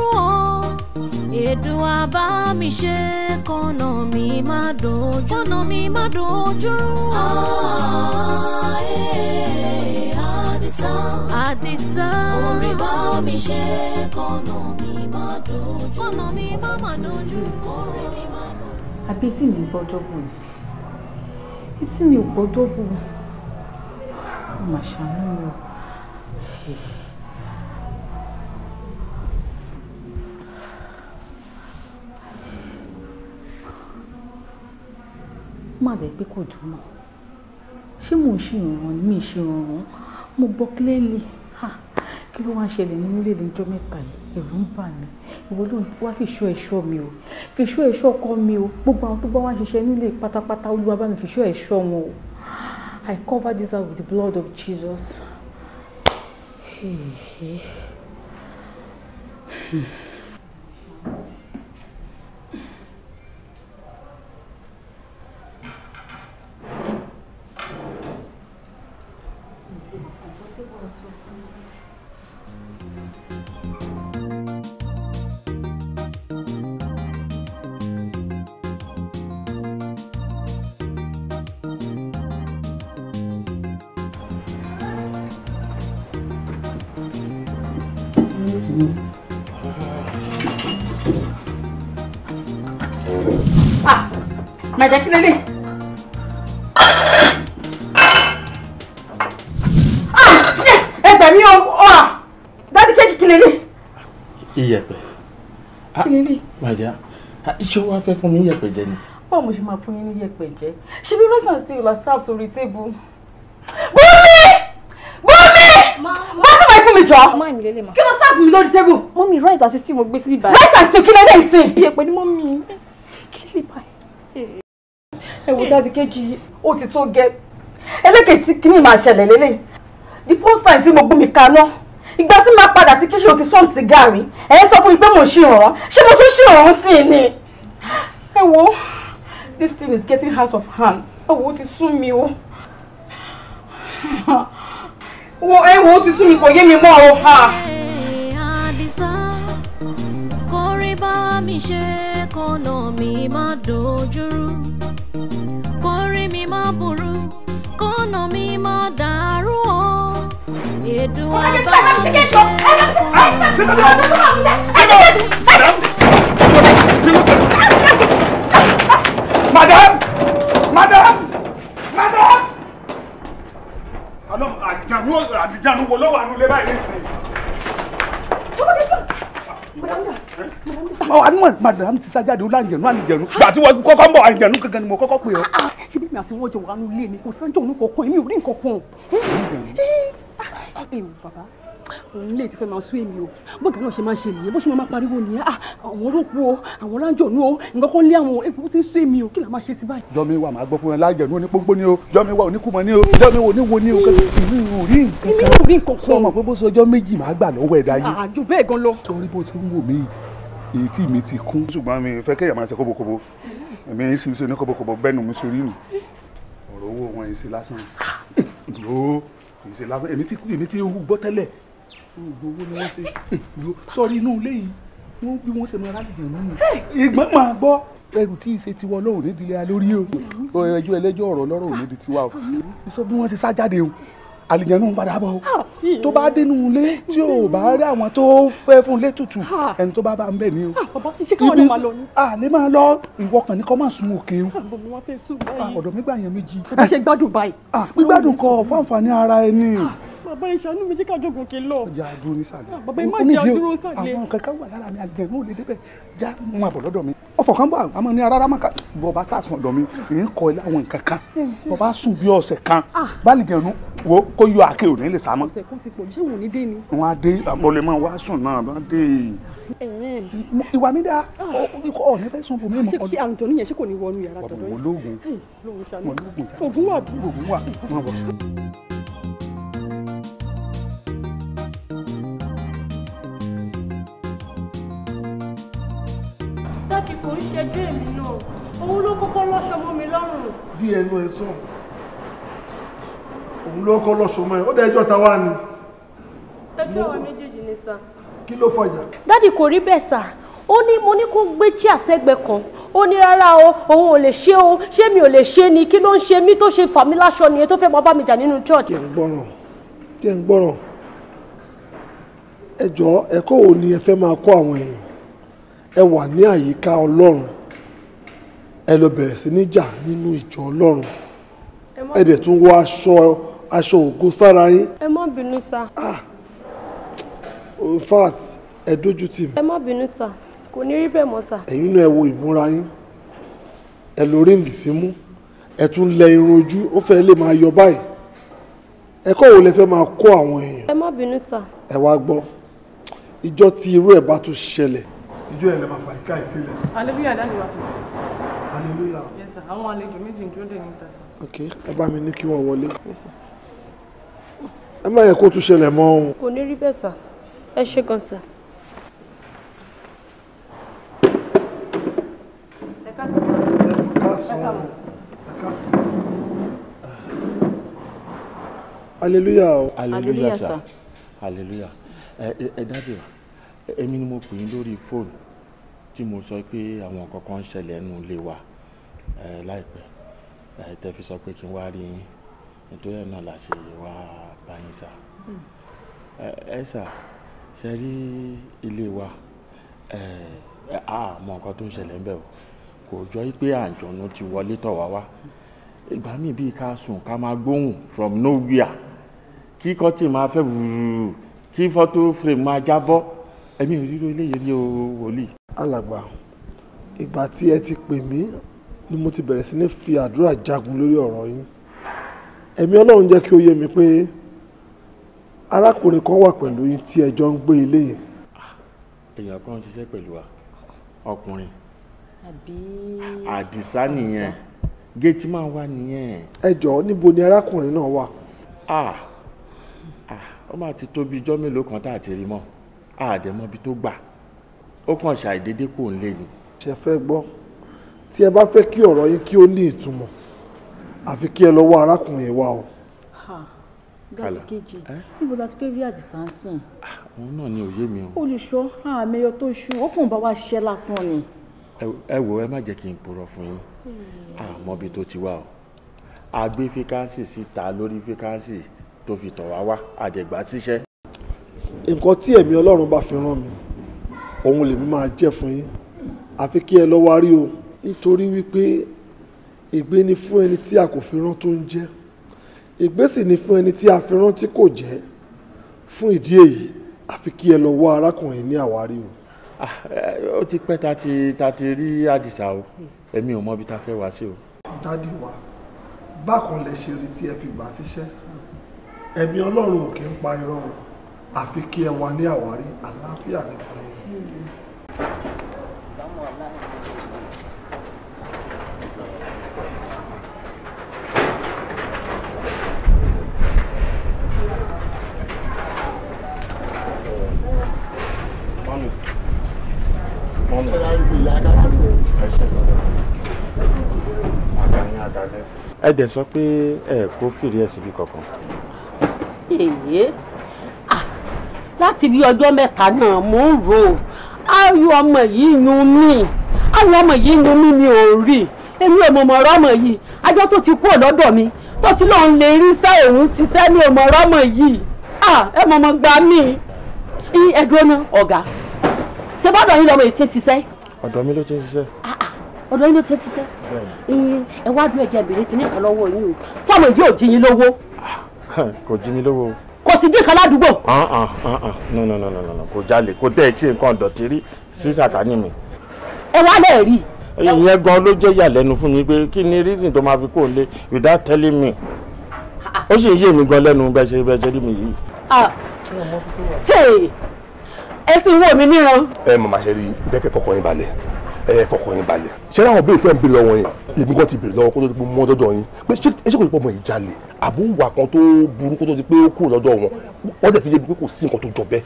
Elédùà bá mi ṣe kọ́nà mi má dojú kọ́nà mi má dojú. Àdìsá Àdìsá orí bá mi ṣe kọ́nà mi má dojú kọ́nà mi má má dojú orí àbí tí mi gbọ́dọ̀ bù ni etí mi ò gbọ́dọ̀ bù ó mà ṣàánú mi o. má dẹ̀ pé kò dùn mọ́ ṣé mò ń ṣèrànràn ni mi ṣèrànràn mo gbọ́ clearly kí ló wá ń ṣẹlẹ̀ nínú ilé ìlẹ́jọ́ mẹ́ta yìí ẹ̀rù ń bà mí ìwọ ló wá fi ṣọ́ ẹ̀ṣọ́ mi o fi ṣọ́ ẹ̀ṣọ́ ọkọ mi o gbogbo àwọn tó bá wá ṣiṣẹ́ nílé pátápátá olúwa bá mi fi ṣọ́ ẹ̀ṣọ́ wọn o I cover this out with the blood of Jesus. Hmm. màjà kí lélẹ̀. ẹgbẹ́ mi ò ọ́ dádì kejì kí lélẹ̀. iyẹ̀pẹ̀ màjà iṣẹ́ wa fẹ́ fún mi iyẹ̀pẹ̀ jẹ ni. báwo mo ṣe máa fún yín ní iyẹ̀pẹ̀ jẹ ṣé bí rẹ́sàn sí ìlà sáà sórí tébù. bùnmi bùnmi má sì máa fún mi jọ. kí ló sáà fún mi lórí tébù. mọ́mí rice àti stew mo gbé síbí báyìí. rice àti stew kí lélẹ̀ ìsìn. iyẹ̀pẹ̀ ni ah, mọ́mí ẹ wo hmm. dáàdì kejì yìí ó ti tó gẹ ẹlẹ́kẹ̀ẹ́sì kí ni màá ṣẹlẹ̀ lélẹ̀ the first time tí mo gbọ́ mi kaná ìgbà tí màá padà sí kíṣe òtí sọ́ǹtì gàrí ẹ̀ sọ fún mi pé mo ṣèrànwọ́ ṣé mo tún ṣèrànwọ́ sí i ni ẹ wo this thing is getting out of hand ẹ wo ó ti sún mi o wo ẹ wo ó ti sún mi kò yé mi mọ́ o ha. kórìbá mi ṣe kọ́nà mi má dojúrú má burú kọ́nà mi má dàrú o èdè wa bá mi kọ́. madam madam madam. àlọ́ àjànú àbíjànú wo ló wà nílé báyìí nísìnyí ọ àdúmọ̀ madam ti sájáde ọlá àjẹnú àjẹnú gbà tí wọ́n kọ́kọ́ ń bọ̀ àjẹnú gangan ni mo kọ́kọ́ pè ọ́. ṣé bí mi àti wọn jọ wà nínú ilé mi kò sáńjọ òun kọ̀ọ̀kan èmi ò rí nǹkan kan. ewu eh, eh, eh, bàbá òun lè ti fẹ́ máa sún èmi o bọ́ọ̀gá náà ṣe máa ṣe nìyẹn bó ṣe máa pariwo nìyẹn ah, àwọn olóko o àwọn lájọ̀nú o nǹkan kan lé àwọn epo tí ń sún èmi o kí là máa ṣe sí báyìí. jọmi wa màá gbọ́ fún ẹ lájọ̀nú ní ni o jọmi wa oníkùmọ ni o jọmi wa oníwo ni o ìlú ìrì nǹkan kan ìlú ìrì nǹkan kan sọmọ pé bó ṣe ọjọ́ méjì màá gbà ah, mi ti kún. ṣùgbọ́n mi fẹ́ kéèyàn máa ṣe kóbókóbó èmi ń ṣe ní kóbókóbó bẹ́ẹ̀ ni mo nù ọ̀rọ̀ owó wọn yìí ṣe lásán ah, ìlú kì í ṣe lásán èmi ti kú èmi oògùn owó ni wọ́n ṣe sọ̀rọ̀ inú ilé yìí wọ́n bí wọ́n ṣe máa rálẹ̀ nínú ìgbọ́n máa bọ́ ẹrù tí ì ṣe tiwọ lọ́rùn nídìí ilé alórí o ẹjọ́ ẹlẹ́jọ́ ọ̀rọ̀ lọ́rùn nídìí tiwa o sọ bí wọ́n ṣe sájáde o àlìjẹ̀nù ń padà bọ̀ o tó bá dénú ilé tí ò bá rí àwọn tó fẹ́ fún ilé tutù ẹni tó bá bá ń bẹ̀ ni o ibi àlè máa lọ ìwọ kàn ní kọ́ máa sun òkè o ọ̀dọ̀ mi gbà yẹn méjì. ọ̀dọ̀ ṣe gbádùn báyìí. gbígbádùn kọ fáǹfààní ara ẹni bàbá ìṣàánú mi jẹ́ ká jókòó kí n lọ. ọjà dúró nísàlẹ̀. bàbá ìmọ̀ ìjà dúró sàlẹ̀. àwọn kankan wà lára mi àgbẹ̀ náà lè débẹ̀ já mú àbọ̀ lọ́dọ̀ mi. ọ̀fọ̀ kan bọ̀ àmọ́ ní arára máa ka bọ̀bá sàsùn ọ̀dọ̀ mi èyí ń kọ́ ilé àwọn nǹkan kan bọ̀bá sùn bí ọ̀sẹ̀ kan ah. báàlì jẹ̀nu wo kó yọ àké òní lè sá mọ́. ọ̀sẹ̀ kan ti pọ̀ ṣé wò ní dé ni. wọn á dé àpọ̀lẹ̀ máa wá sùn náà bá dé. ìwà mi dáa ah. ikọ̀ ọ̀nà fẹ́ sùn bòmí mọ́. ṣé kí àrùn tòun yẹn ṣé kò ní wọnú yàrá tọ̀dọ̀ yẹn. ọ̀bùn wà. ògùn wà. kọ́kọ́ lọ́ṣọ mọ́ mi lọ́rùn. bí ẹnu ẹ sọ òun ló kọ́ lọ́ṣọ mọ́ ẹ ó dẹjọ́ ta wá ni. tẹjọ́ àwọn méjèèjì ni sà. kí ló fọjà. dádì kò rí bẹ́ẹ̀ sà ó ní mo ní kó gbé chíà sẹ́gbẹ̀ẹ́ kan ó ní rárá o òun ò lè ṣe o ṣé mi ò lè ṣe ni kí ló ń ṣe mí tó ṣe fà mí láṣọ nìyẹn tó fẹ́ máa bá mi jà nínú church. kí ẹ ń gbọ́ràn kí ẹ ń gbọ́ràn ẹ ni ẹ fẹ́ máa kọ́ àwọn èèyàn ẹ wà ní àyíká ẹ lọ bẹ̀rẹ̀ sí ní jà nínú ìjọ ọlọ́run ẹ dẹ̀ tún wọ aṣọ aṣọ ògo sára yín. ẹ má bínú sá. Ah! in fact ẹ dójú tì mí. ẹ má bínú sá kò ní rí bẹ́ẹ̀ mọ́ sá. ẹ̀yin náà ẹ wo ìmúra yín ẹ lo ríǹgì sí mú ẹ tún lẹ irun ojú ó fẹ́ lè máa yọ báyìí ẹ̀kọ́ wo lẹ fẹ́ máa kó àwọn èèyàn. ẹ má bínú sá. ẹ wá gbọ́ ìjọ tí irú ẹ̀ bá tún ṣẹlẹ̀ ìjọ ẹ̀ lè máa fà ìka ìsílẹ̀. àlébíyà dáni wá sí i hallelujah. yes sir àwọn àlejò méjì ń dúró dè níta sir. ok ẹ bá mi ní kí wọ́n wọlé. yes sir. ẹ má yẹ kó tún ṣẹlẹ̀ mọ́ ohun. kò ní rí bẹ́ẹ̀ sà ẹ ṣe gan sà. ẹ ká sùn. ẹ ká sùn. hallelujah o. hallelujah sir hallelujah ẹ dábìí wa èmi ni mo pè yín lórí fóònù tí mo sọ pé àwọn kankan ń ṣẹlẹ̀ nínú ilé wa láìpẹ́ tẹ́ fi sọ pé kí n wá rí yín nítorí ẹ̀ náà la ṣe wá bá yín sà hmm. ẹ sà ṣe rí ilé wa àmọ́ nǹkan tó ń ṣẹlẹ̀ ń bẹ̀ o kò jọ pé àjọ̀nù ti wọlé tọ̀ wá wá ìgbà míì bíi ká sùn ká máa gbóhùn from nowhere kí kọ́tì máa fẹ́ wùrù kí fọ́tò frame máa jábọ́ ẹ̀mí ò ríro eléyìí rí o wòlíì. alàgbà ìgbà tí ẹ ti pè mí ni mo ti bẹ̀rẹ̀ sí ní fi àdúrà jagun lórí ọ̀rọ̀ yín ẹ̀mí ọlọ́run jẹ́ kí ó yé mi pé arákùnrin kan wà pẹ̀lú yín tí ẹjọ́ ń gbé ilé yẹn. èèyàn kan ń ṣiṣẹ́ pẹ̀lú wa ọkùnrin àdìsá nìyẹn géètì máa wà nìyẹn. ẹ jọ̀ọ́ níbo ni arákùnrin náà wà. ó máa ti tó bí ijọ́ mélòó kan tá a ti rí mọ́ àdẹ̀mọ́bi tó gbà ó kàn ṣàìdédé kò ń lé ni. ṣe fẹ́ gbọ́ tí ẹ bá fẹ́ kí ọ̀rọ̀ yín kí ó ní ìtumọ̀ àfi kí ẹ lọ wá arákùnrin wa o. dadi kejì eh? níbo la ti fẹ́ rí àdìsá ń sìn. Ah, òun náà ni òye mi o. olùṣọ́ àmẹyọ tó ṣu ó kàn bá wa ṣiṣẹ́ lásán ni. ẹ wo ẹ má jẹ́ kí n purọ́ fún yín àmọ́ ibi tó ti wá o a gbé fíkánsì síta lórí fíkánsì tó fi tọ̀ wá wá àdẹ̀gbà síṣẹ́. nǹkan tí ẹ̀mí ọlọ́run bá fi rán mi òun lèmi máa jẹ́ fún yín àfi kí ẹ lọ wá rí o nítorí wípé ègbé ni fún ẹni tí a kò fi rán tó ń jẹ́ ègbé sì ni fún ẹni tí a fi rán tí kò jẹ́ fún ìdí èyí àfi kí ẹ lọ wá arákùnrin ní àwárí o. Ah, eh, ó ti pẹ́ ta ti ta ti rí àdìsá o èmi ò mọ ibi ta fẹ́ wá sí o. dádì wa bákan lè ṣe rí tí ẹ fi gbà síṣẹ́ ẹ̀mí ọlọ́run ò kí ń pa irọ́ àfi kí ẹ wà ní àwárí àlàáfíà ní ẹ dẹ̀ sọ pé ẹ kó fìrí ẹ̀ síbi kankan. èyí láti bí ọjọ́ mẹ́ta náà mò ń rò ó ayọ̀ ọmọ yìí yún mí ayọ̀ ọmọ yìí yún mí mi ò rí èmi ò mọ̀ ọ̀rọ̀ ọmọ yìí ajọ́ tó ti kú ọ̀dọ́dọ̀ mi tó ti lóun lè rí sẹ́ òun ṣiṣẹ́ ní ọmọ ọ̀rọ̀ ọmọ yìí ẹ mọ̀ mọ̀ gbà mí ẹ̀dùn ọ̀nà ọ̀gá ṣe bọ́dọ̀ yín lọ́mọ yìí ti ṣiṣẹ́. ọ̀dọ̀ mi ló ti ń ṣiṣẹ́ ah, ah ọ̀dọ̀ yín ló ti ṣiṣẹ́ ẹ wá dún ẹ̀jẹ̀ bèrè kínní kan lọ́wọ́ yín o sọ̀rọ̀ yóò jí yín lówó. Ah, kò jí mi lówó. kò sì dín kan ládùúgbò. Ah, ah, no no no no no kò jalè kò tẹ́ ẹ ṣe nǹkan ọ̀dọ̀tí rí sí sàkání mi. ẹ wá lẹ́ẹ̀ rí. ìyẹn gan ló jẹ́ ìyàlẹ́nu fún mi pé kí ni reason tó máa fi kó lé without telling me ó sì yé mi gan lẹ́nu bẹ́ẹ̀ ṣe bẹ́ẹ̀ ṣe rí mi yìí. ẹ sì wò mí níran. ẹ mọ̀ máa ṣe rí bẹ́ẹ̀ kẹ́kọ̀ọ́ kan yín balẹ̀ ẹ fọkàn yín balẹ̀ ṣé láwọn béèrè tẹ́ ń béèrè lọ́wọ́ yẹn èmi kan ti béèrè lọ́wọ́ kó tó ti pé mọ́ dọ́dọ̀ yín pé ṣé ẹ ṣe kò ní pọ̀ mọ́ ìjalè àbó wà kan tó burú kó tó ti pé ó kúrò lọ́dọ̀ wọn wọ́n dẹ̀ fi yé mi pé kò sí nǹkan tó jọ bẹ́ẹ̀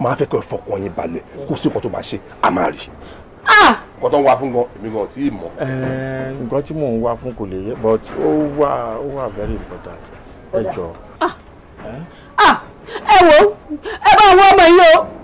máa hmm. fẹ́ kẹ́ fọkàn yín balẹ̀ kò sí nǹkan tó máa ṣe a máa rí. Ah! nǹkan tó ń wá fún gan èmi gan tí ì mọ̀. nǹkan tí mò ń wá fún kò lè yé but ó wà ó wà very important ẹ jọ. Ah! Ah! ẹ wo ẹ bá wọ ọmọ yìí o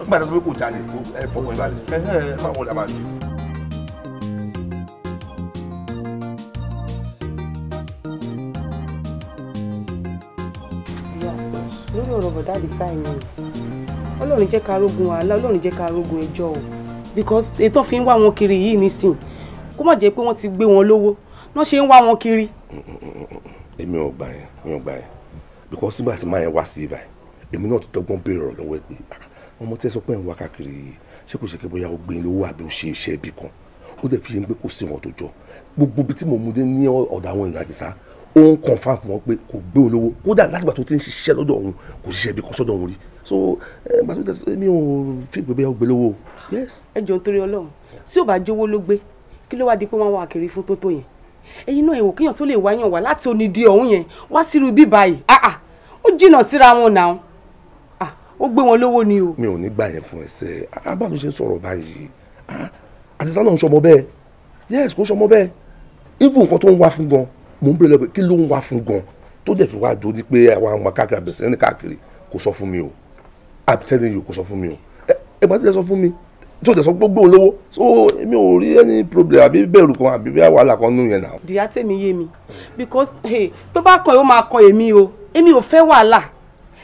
nígbà tó fi kò jalè kó ẹ fọwọ́ ẹ balẹ̀ ẹ ẹ máa wọlé àbájá. lórí ọ̀rọ̀ bọ̀dá design ni ọlọ́run jẹ́ ká rógun wàhálà ọlọ́run jẹ́ ká rógun ẹjọ́ o because ètò fi ń wá wọn kiri yìí nísìn kó má jẹ́ pé wọ́n ti gbé wọn lówó wọ́n ṣe ń wá wọn kiri. èmi ò gbà yẹn mi ò gbà yẹn because nígbà tí máa yẹn wá sí ibà èmi náà ti dọ́gbọ́n béèrè ọ̀rọ̀ lọ́wọ́ ẹ pé ah, ọmọ tí ẹ sọ pé ń wá káàkiri ṣé kò ṣe pé bóyá ó gbé lówó àbí ó ṣe iṣẹ́ ibì kan ó dẹ̀ fi ṣe pé kò sí wọn tó jọ gbogbo ibi tí mo mú dé ní ọ̀dọ̀ àwọn èèyàn àdìsá ó ń confam fún wọn pé kò gbé olówó kódà látìgbà tó ti ń ṣiṣẹ́ lọ́dọ̀ òun kò ṣiṣẹ́ ibì kan sọ́dọ̀ òun rí so gbàtú tẹ̀sí mi ò fi gbé bóyá ó gbé lówó. ẹ jọ̀ọ́ nítorí Ọlọ́run tí ò bá jówó ló gbé kí ló wá di pé wọ́n wá kiri fún tótó yẹn ẹ̀yin náà ẹ̀wò kéèyàn tó lè wáyàn wá láti onídìí ọ̀hún yẹn wá sírú bíbá ah, ah, ó jìnnà síra wọn náà ó gbé wọn lówó ni o. mi ò ní gbà yẹn fún ẹsẹ abá mi ṣe sọ̀rọ̀ báyìí àtisá náà ń sọmọ bẹ́ẹ̀ yes kò sọmọ bẹ́ẹ̀ ibu nǹkan tó ń wá fún gan mò ń bèrè kí ló ń wá fún gan tó dẹ̀ fi wá do ni pé àwọn àwọn káàkiri àbẹ̀sẹ̀ ní káàkiri kò sọ fún mi o i'm telling you kò sọ fún mi o ẹ bá sọ fún mi tí o tẹ̀ sọ gbogbo olówó so èmi ò rí any problem àbí bẹ̀rù kan àbí wàhálà kan nù yẹn náà. dìyà tèmi yé mi because tó bá kàn ó máa kàn èmi o èmi ò fẹ́ wàhálà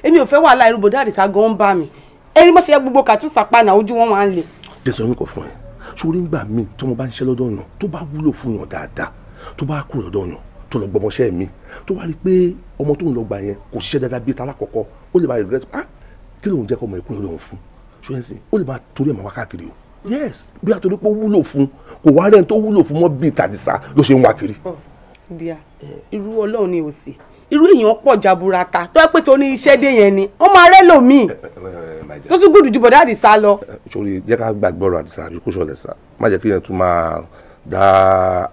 èmi ò fẹ́ wàhálà irúgbó dáàdì ságan ń bá mi ẹni mọ́ ṣe gbogbo kàtún sàpànà ojú wọn wà ń le. jẹ́sọ̀ yín kò fún ẹ sórí ńgbà míì tọmọ bá ń ṣe lọ́dọ̀ yàn tó bá wúlò fún yàn dáadáa tó bá kú lọ́dọ̀ yàn tó lọ gbọmọṣẹ́ mi tó wá rí i pé ọmọ tó ń lọ gbà yẹn kò ṣiṣẹ́ dáadáa bíi talákọ̀ọ́kọ́ ó lè máa regret ah kí lóun jẹ́ kọ́ ọmọ ìkú lọ́dọ̀ òun fún ṣóyẹ́nsì ó lè máa torí ẹ̀ máa wá káàkiri o yes bí a torí pé ó wúlò fún kò wá rẹ́ni tó wúlò fún mọ́ bíi tàdísá ló ṣe ń wá kiri. Oh, díà irú ọlọ́run ni ò sí irú èèyàn pọ̀ jaburata tó yẹ pé tó ní iṣẹ́ dé yẹn ni wọ́n máa rẹ́ lòmíì eh, eh, eh, tó tún gùdù ju bọ̀dá àdìsá lọ. sori jẹ́ ká gbàgbọ́ ọ̀rọ̀ àdìsá àbí kó sọlẹ̀ sá má jẹ́ kí yẹn tún máa dá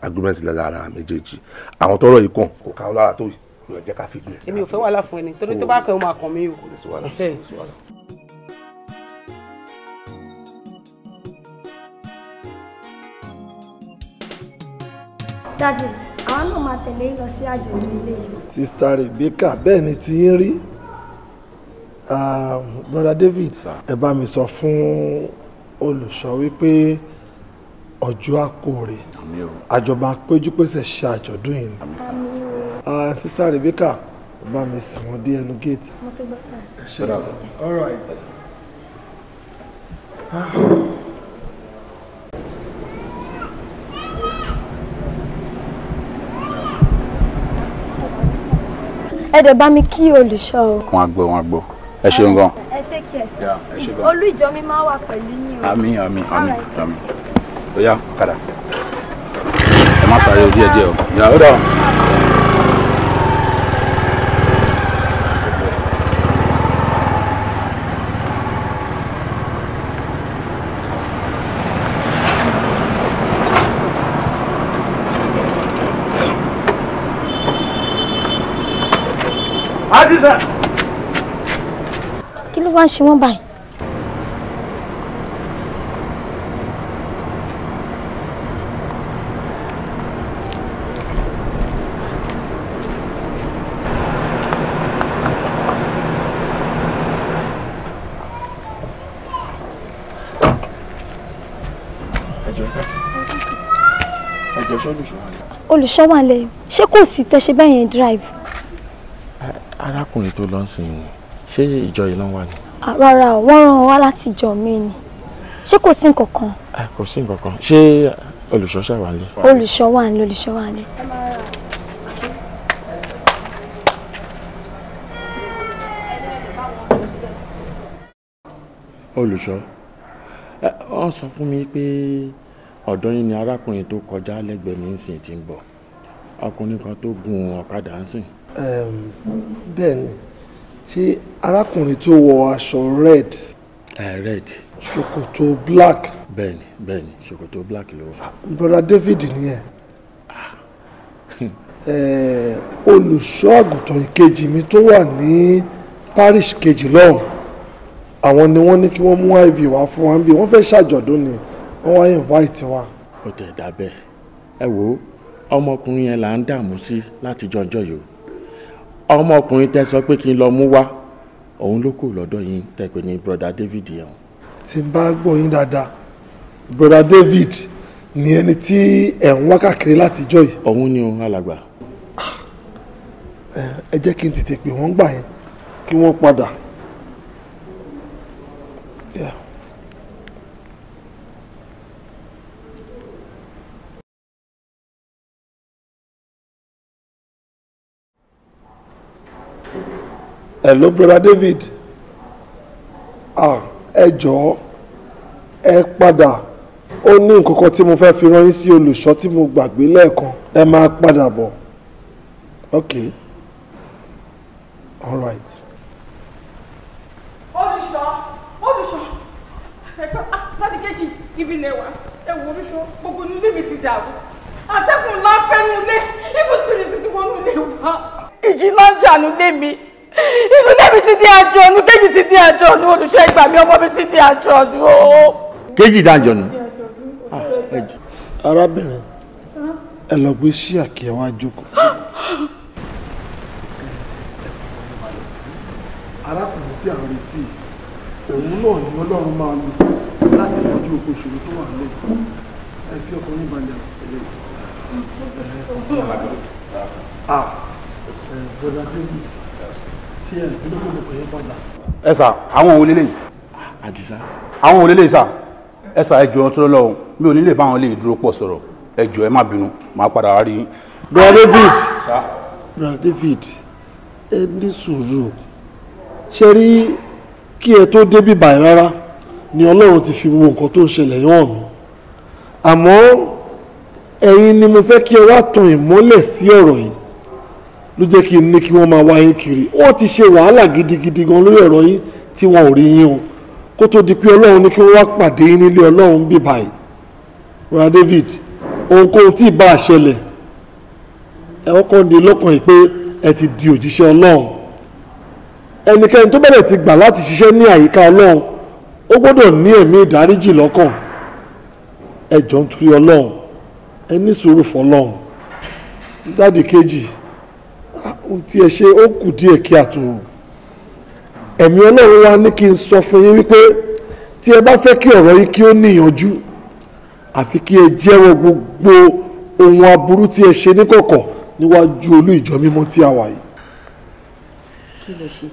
agreement lẹ́la ara méjèèjì àwọn tọrọ yìí kàn kò ká ọ lára tó yìí lọ jẹ́ ká fi gbìn. èmi ò fẹ́ wàhálà fún ẹni torí tó bá kẹ́ ọ máa kàn o. Daddy àwọn náà máa tẹ̀lé e lọ sí àjọ̀dún ilé yìí. sista Rebecca bẹ́ẹ̀ ni ti ń rí um, brother David ẹ bá mi sọ fún olùṣọ́ wípé ọjọ́ àkórè àjọba péjúpésẹ̀ ṣe àjọ̀dún yìí ni uh, sista Rebecca bá mi sìn wọ́n dé ẹnu géètì. mo ti gbọ́ sáà. ẹ ṣe é all right. ẹ dẹ̀ bá mi kí olùṣọ́ o. wọn á gbọ́ wọn á gbọ́ ẹ ṣeun gan. ẹ tẹ́kì ẹ̀sìn olú ìjọ mi máa wà pẹ̀lú yín o. àmín Ami, ami, ami, ó yá padà ẹ má sáré ojú ẹ díẹ̀ o yà àdìsá. kí ló wá ń ṣe wọ́n báyìí. olùṣọ́ wà lẹ́yìn ṣé kò sí tẹ́ ṣe bẹ́ẹ̀ drive arákùnrin tó lọ sìn ni ṣé ìjọ yìí lọ́n wà ni. Ah, rárá o wọ́n ràn wá láti ìjọ mi ni ṣé kò sí nǹkan kan. Ah, kò sí nǹkan ṣé olùṣọ́ ṣàwà ni. olùṣọ́ wà ní olùṣọ́ wà ní. olùṣọ́ wọ́n sọ fún mi pé ọ̀dọ́ yín ni arákùnrin tó kọjá lẹ́gbẹ̀ẹ́ mi ń sìn ti ń bọ̀ ọkùnrin kan tó gun ọ̀kadà ń sìn bẹ́ẹ̀ ni ṣé arákùnrin tó wọ aṣọ red. Uh, red. ṣòkòtò black. bẹ́ẹ̀ni bẹ́ẹ̀ni ṣòkòtò black ló. broda David nìyẹn ah. olùṣọ́ àgùntàn ìkejì mi tó wà ní parish kejì lọ́hùn àwọn ni wọ́n ní kí wọ́n mú iv wá fún wa bí wọ́n fẹ́ ṣàjọ̀dún ni wọ́n wá invite wa. ó tẹ̀ dá bẹ́ẹ̀ ẹ wo ọmọkùnrin yẹn là ń dààmú sí láti jọjọ́ yìí ọmọkùnrin tẹ sọ pé kí n lọ mú wá òun ló kù lọ́dọ̀ yín tẹ ní broda David yẹn. tí n bá gbọ́ yín dáadáa broda David ni ẹni tí ẹ̀ ń wá káàkiri láti ìjọ yìí. òun ni òun alàgbà. Ah, ẹ jẹ́ kí n tètè pè wọ́n gbà yẹn kí wọ́n padà. Yeah. hello brother David ah ẹ jọ̀ọ́ ẹ padà ó ní nǹkan kan tí mo fẹ́ fi rán yín sí olùṣọ́ tí mo gbàgbé lẹ́ẹ̀kan ẹ máa padà bọ̀ ok all right. olùṣọ́ olùṣọ́ ẹ̀ka láti kejì ibi lẹ́wà ẹ wo olùṣọ́ gbogbo nílé mi ti dàrú àtẹ̀kùn ńlá fẹ́ nulẹ̀ evil spirit ti wọnú ilé wa. ìjì náà jà nulẹ̀ mi inú tẹ̀mí ti di àjọ ọ̀nù kejì ti di àjọ ọ̀nù olùṣọ́ ìgbà mi ọmọ mi ti di àjọ ọ̀nù o. kejì dájọ nù. Ah, arábìnrin ẹ lọ gbé sí àkè àwọn àjòkò. arákùnrin tí à ń retí òun náà ni ọlọ́run máa lò láti yanjú oko ìṣòro tó wà lẹ́yìn ẹ fi ọkùnrin balẹ̀ ẹ̀lẹ́ ah brother David ẹ sà àwọn òun lélẹ̀ yìí àwọn òun lélẹ̀ yìí sà ẹ sà ẹjọ́ ọ̀rọ̀ tó lọ́wọ́ mi ò nílé báwọn lè dúró pọ̀ sọ̀rọ̀ ẹjọ́ ẹ má bínú màá padà wá rí yín. brother david brother david ẹ ní sùúrù ṣe rí kí ẹ tó débi báyìí rárá ni ọlọ́run ti fi wo nǹkan tó ń ṣẹlẹ̀ yàn mí àmọ́ ẹ̀yin ni mo fẹ́ kí ẹ wá tan ìmọ́lẹ̀ sí ọ̀rọ̀ yìí ló jẹ́ kí n ní kí wọ́n máa wá yín kiri wọ́n ti ṣe wàhálà gidigidi gan lórí ọ̀rọ̀ yín tí wọn ò rí yín o kó tó di pé ọlọ́run ní kí wọ́n wá pàdé yín nílé ọlọ́run bí báyìí rọra David ohunkóhun tí ì bá ṣẹlẹ̀ ẹ kọ́kọ́ ní lọ́kàn yìí pé ẹ ti di òjíṣẹ́ ọlọ́run ẹnikẹ́ni tó bẹ̀rẹ̀ ti gbà láti ṣiṣẹ́ ní àyíká ọlọ́run ó gbọ́dọ̀ ní ẹ̀mí ìdáríjì lọ́kàn ẹ jọ̀ọ́ nítorí ọlọ́run ẹ ní sùúrù fọlọ́run dáàdì kejì tí ẹ ṣe ó kù díẹ̀ kí a tún ẹ̀mí ọlọ́run wa ní kí n sọ fún yín wípé tí ẹ bá fẹ́ kí ọ̀rọ̀ yìí kí ó níyànjú àfi kí ẹ jẹ́wọ́ gbogbo ohun aburú tí ẹ ṣe níkọ̀kọ̀ níwájú olú ìjọ mímọ́ tí a wà yìí. kí lè ṣe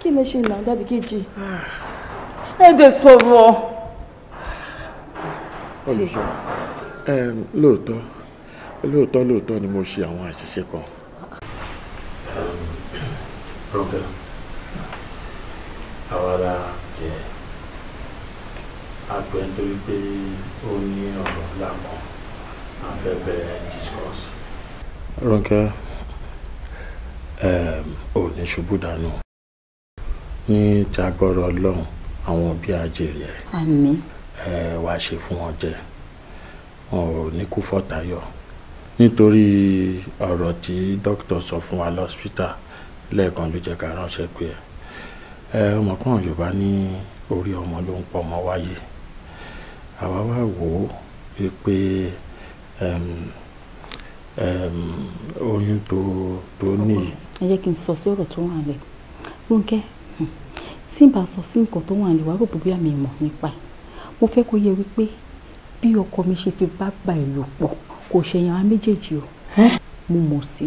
kí lè ṣe ìlànà dáàdì kejì ẹ dẹ̀ sọ̀rọ̀. olùsọ lóòótọ́ lóòótọ́ lóòótọ́ ni mo ṣe àwọn àṣìṣe kan um, program. Àwa la jẹ́ àgbẹ̀ nítorí pé ó ní ọ̀rọ̀ làmọ́ afẹ́fẹ́ discourse. Ronke ò ní ṣubú dànù ní jagbọ́rọ̀ ọlọ́run àwọn òbí àjèrè ẹ̀. Àmín. Wàá ṣe fún wọn jẹ wọn ò ní kú fọ́tayọ̀ nítorí ọ̀rọ̀ tí dókítà sọ fún wa lọ́sítà lẹ́ẹ̀kan ló jẹ́ ká ránṣẹ́ pé ẹ ọmọkùnrin yorùbá ní orí ọmọ ló ń pọ̀ ọmọ wáyé àwa wá wò ó pé oyún tó tó ní. ẹ jẹ́ kí n sọ sí ọ̀rọ̀ tó wà lẹ̀ Fúnkẹ́ tí n bá sọ sí nǹkan tó wà lẹ̀ wá rò bóbí àmì ìmọ̀ nípa ẹ̀ mo fẹ́ kó yẹ wípé bí ọkọ mi ṣe fi bá bá ìlò pọ̀ kò ṣẹ̀yàn á méjèèjì o mo mọ̀ sí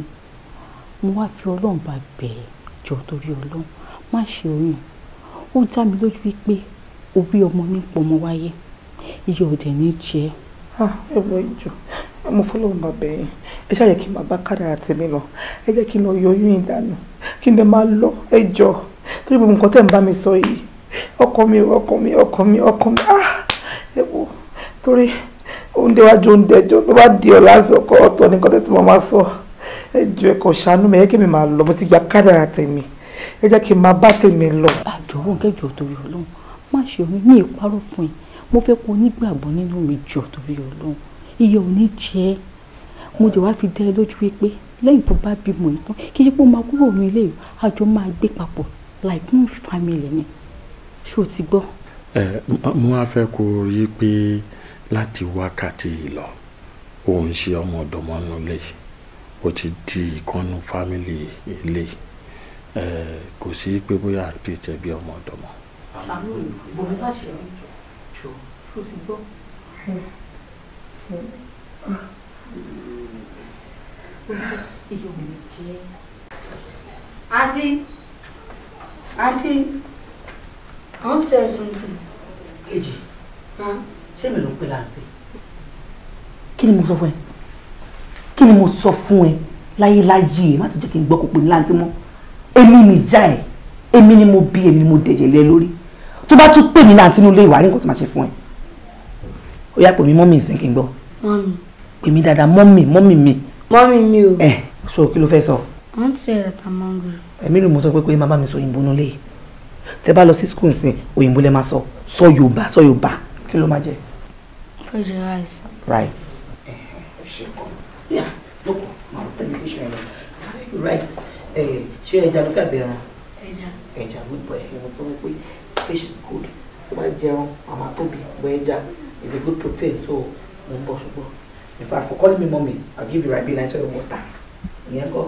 mo wá fi ọlọ́run bá bẹ̀ẹ́ jọ torí ọlọ́run má ṣe oyún ó dá mi lójú wípé orí ọmọ nípa ọmọ wáyé iye òdẹ ní jẹ. Ah, ẹ wọ ìjọ mo fọlọ́run bá bẹ̀ẹ́ ẹ ṣàyẹ̀ kí n máa bá kádàrà tèmi lọ ẹ jẹ́ kí n lọ yọ oyún ìdànù kí n dẹ̀ máa lọ ẹ jọ torí gbogbo nǹkan tẹ̀ ń bá mi sọ yìí ọkọ mi ọkọ mi ọkọ mi ọkọ mi ah ẹ wo torí oúnjẹ wájú oúnjẹ jọ tó bá di ọ̀la sọkọ ọ̀tọ̀ ní kọ́tẹ́ tí mo máa sọ ẹ jọ ẹ̀kọ́ ṣàánú mi ẹ kí mi máa lọ mo ti gba kádàrà tèmi ẹ jẹ́ kí n máa bá tèmi lọ. àjọwọ́ kẹjọ torí ọlọ́run má ṣe omi ní ìparọ́pin mo fẹ́ kó onígbàgbọ́ nínú mi jọ torí ọlọ́run iye ò ní jẹ́ mo jẹ́ wá fi dẹ́ lójú wípé lẹ́yìn tó bá bímọ ìtàn kí ṣe pé ó máa kúrò ní ilé yìí àjọ máa gbé papọ̀ like one family ni ṣé mo máa fẹ́ kó rí i láti wákàtí yìí lọ òun ṣe ọmọ ọ̀dọ́mọ́nú lé ó ti di ìkànnù fámìlì ilé kò sí pé bóyá à ń tètè bí ọmọ ọ̀dọ́mọ. àmì bòmí bá ṣe ìjọ jọ tó ti gbọ́. Auntie, auntie, I want to Kejì ṣé mi ló ń pè láǹtì. kí ni mo sọ fún ẹ kí ni mo sọ fún ẹ láyéláyé ẹ má ti jẹ́ kí n gbọ́ kó pè ní láǹtì mọ́ èmi nìjà ẹ èmi ni mo bí èmi ni mo dẹ̀jẹ̀ lé lórí tó bá tún pè mí láǹtì nílé ìwà rí nǹkan tó máa ṣe fún ẹ ó yá pè mí mọ́mì ìsìn kí n gbọ́ pè mí dáadáa mọ́mì mọ́mì mi. mọ́mì mi o. ẹ so kí ló fẹ́ sọ. wọ́n ṣe ẹ̀rẹ̀ta mọ́ngìrì. ẹ̀mí ló mọ sọ pé pé má bá mi sọ òyìnbó nulẹ̀ tẹ bá lọ sí skul nsìn òyìnbó lẹ máa sọ sọ Yorùbá sọ Yorùbá kí ló máa jẹ. fẹ́jọ rice. rice. ẹ ẹ ṣe kọ́ yà lóko máa tẹ̀lé bí ṣe rice ṣé ẹja ló fẹ́ bẹ̀rẹ̀ ẹja ẹja wípé ẹ̀wọ̀n tó wípé fish is good ó máa jẹun àmà tóbi bọ ẹja is a good protein so mo ń bọ̀ ṣùgbọ́n if I for calling me mommy I give you rabi nice of water ìyẹn kọ́.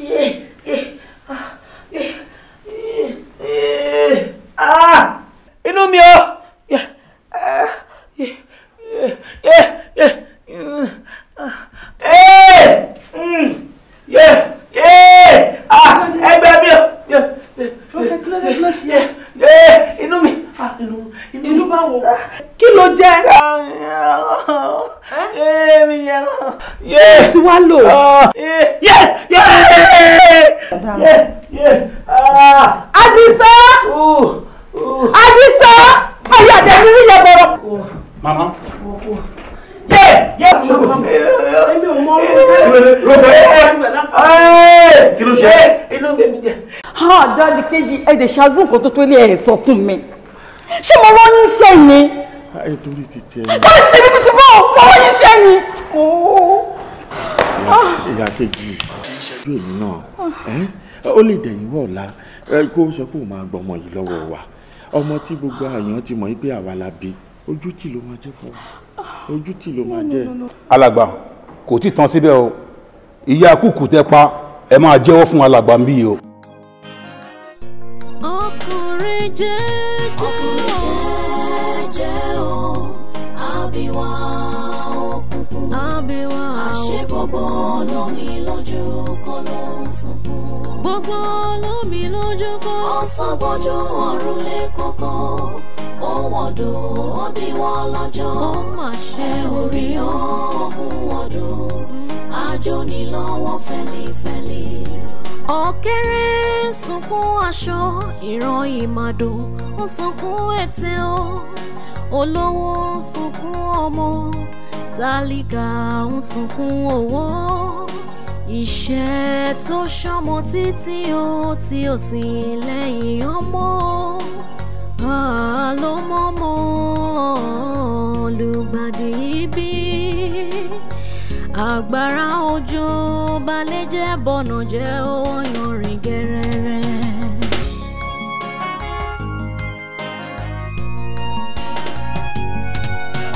Yeah, yeah, eh, ah. Ah! inú mi o. kejì ẹ̀dẹ̀ ṣáájú nǹkan tó tó ilé ẹ̀ sọ fún mi ṣé mo wọ́n ní iṣẹ́ ni. ẹ torí ti tiẹ̀ ní. torí ti tẹ̀lé mi ti bọ̀ mo wọ́n ní iṣẹ́ ni. ìyá kejì ìṣẹ́jú èmi náà ó lè dẹ̀yìn wọ̀ ọ̀la kó sọ pé òun máa gbọ́ ọmọ yìí lọ́wọ́ wa ọmọ tí gbogbo àyàn ti mọ̀ pé àwa la bí ojú tì ló máa jẹ́ fún wa ojú tì ló máa jẹ́. alàgbà kò tí tán síbẹ̀ o ìyá kúkú tẹ pa ẹ máa jẹ́wọ́ fún alàgbà ń yìí o ọkùnrin jẹ́jẹ́ o. ọkùnrin jẹ́jẹ́ o àbíwá òkùnkùn àbíwá o. àṣé gbogbo olómi lójú kọ́ ló ń sunkún. gbogbo olómi lójú kọ́. ọ̀sán bójú ọ̀run lé kókó ohun ọdún òdiwọ̀ lọ́jọ́ ẹ orí ọ̀gùn ọdún àjò nílọ́wọ́ fẹ́lifẹ́li ọ̀kẹ́rẹ́ ń sunkún aṣọ ìran ìmàdò ń sunkún ètè o olówó ń sunkún ọmọ tálíkà ń sunkún owó ìṣẹ́ tó ṣọmọ títí o tí o sì lẹ́yìn ọmọ ló mọ́mọ́ olùgbàdì bíi agbára òjò balẹ̀ jẹ́ bọ̀nà jẹ́ owó yanrìn gẹ́rẹ́rẹ́.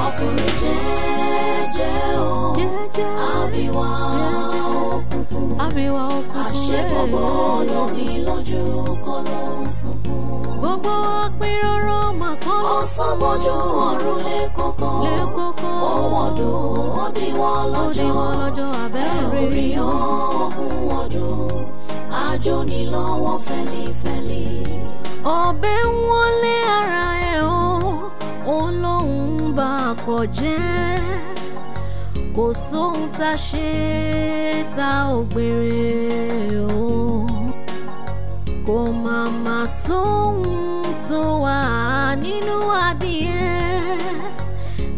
ọkùnrin jẹ́jẹ́ o àbíwá òkùnkùn àṣẹ gbogbo lómi lójú kọ́ ló ń sunkún. gbogbo apẹ̀rọ̀rọ̀ màkàn ló ń sọ mọ́jú ọdún ó dínwó lọ́jọ́ ẹ̀ orí ogún ọdún àjò ní lọ́wọ́ fẹ́lifẹ́li. ọ̀bẹ wọlé ara ẹ̀ o ó lóun bá a kọ jẹ́ kò sóhun tá a ṣe tá ò o kò má má sóhun tó wà nínú adìyẹ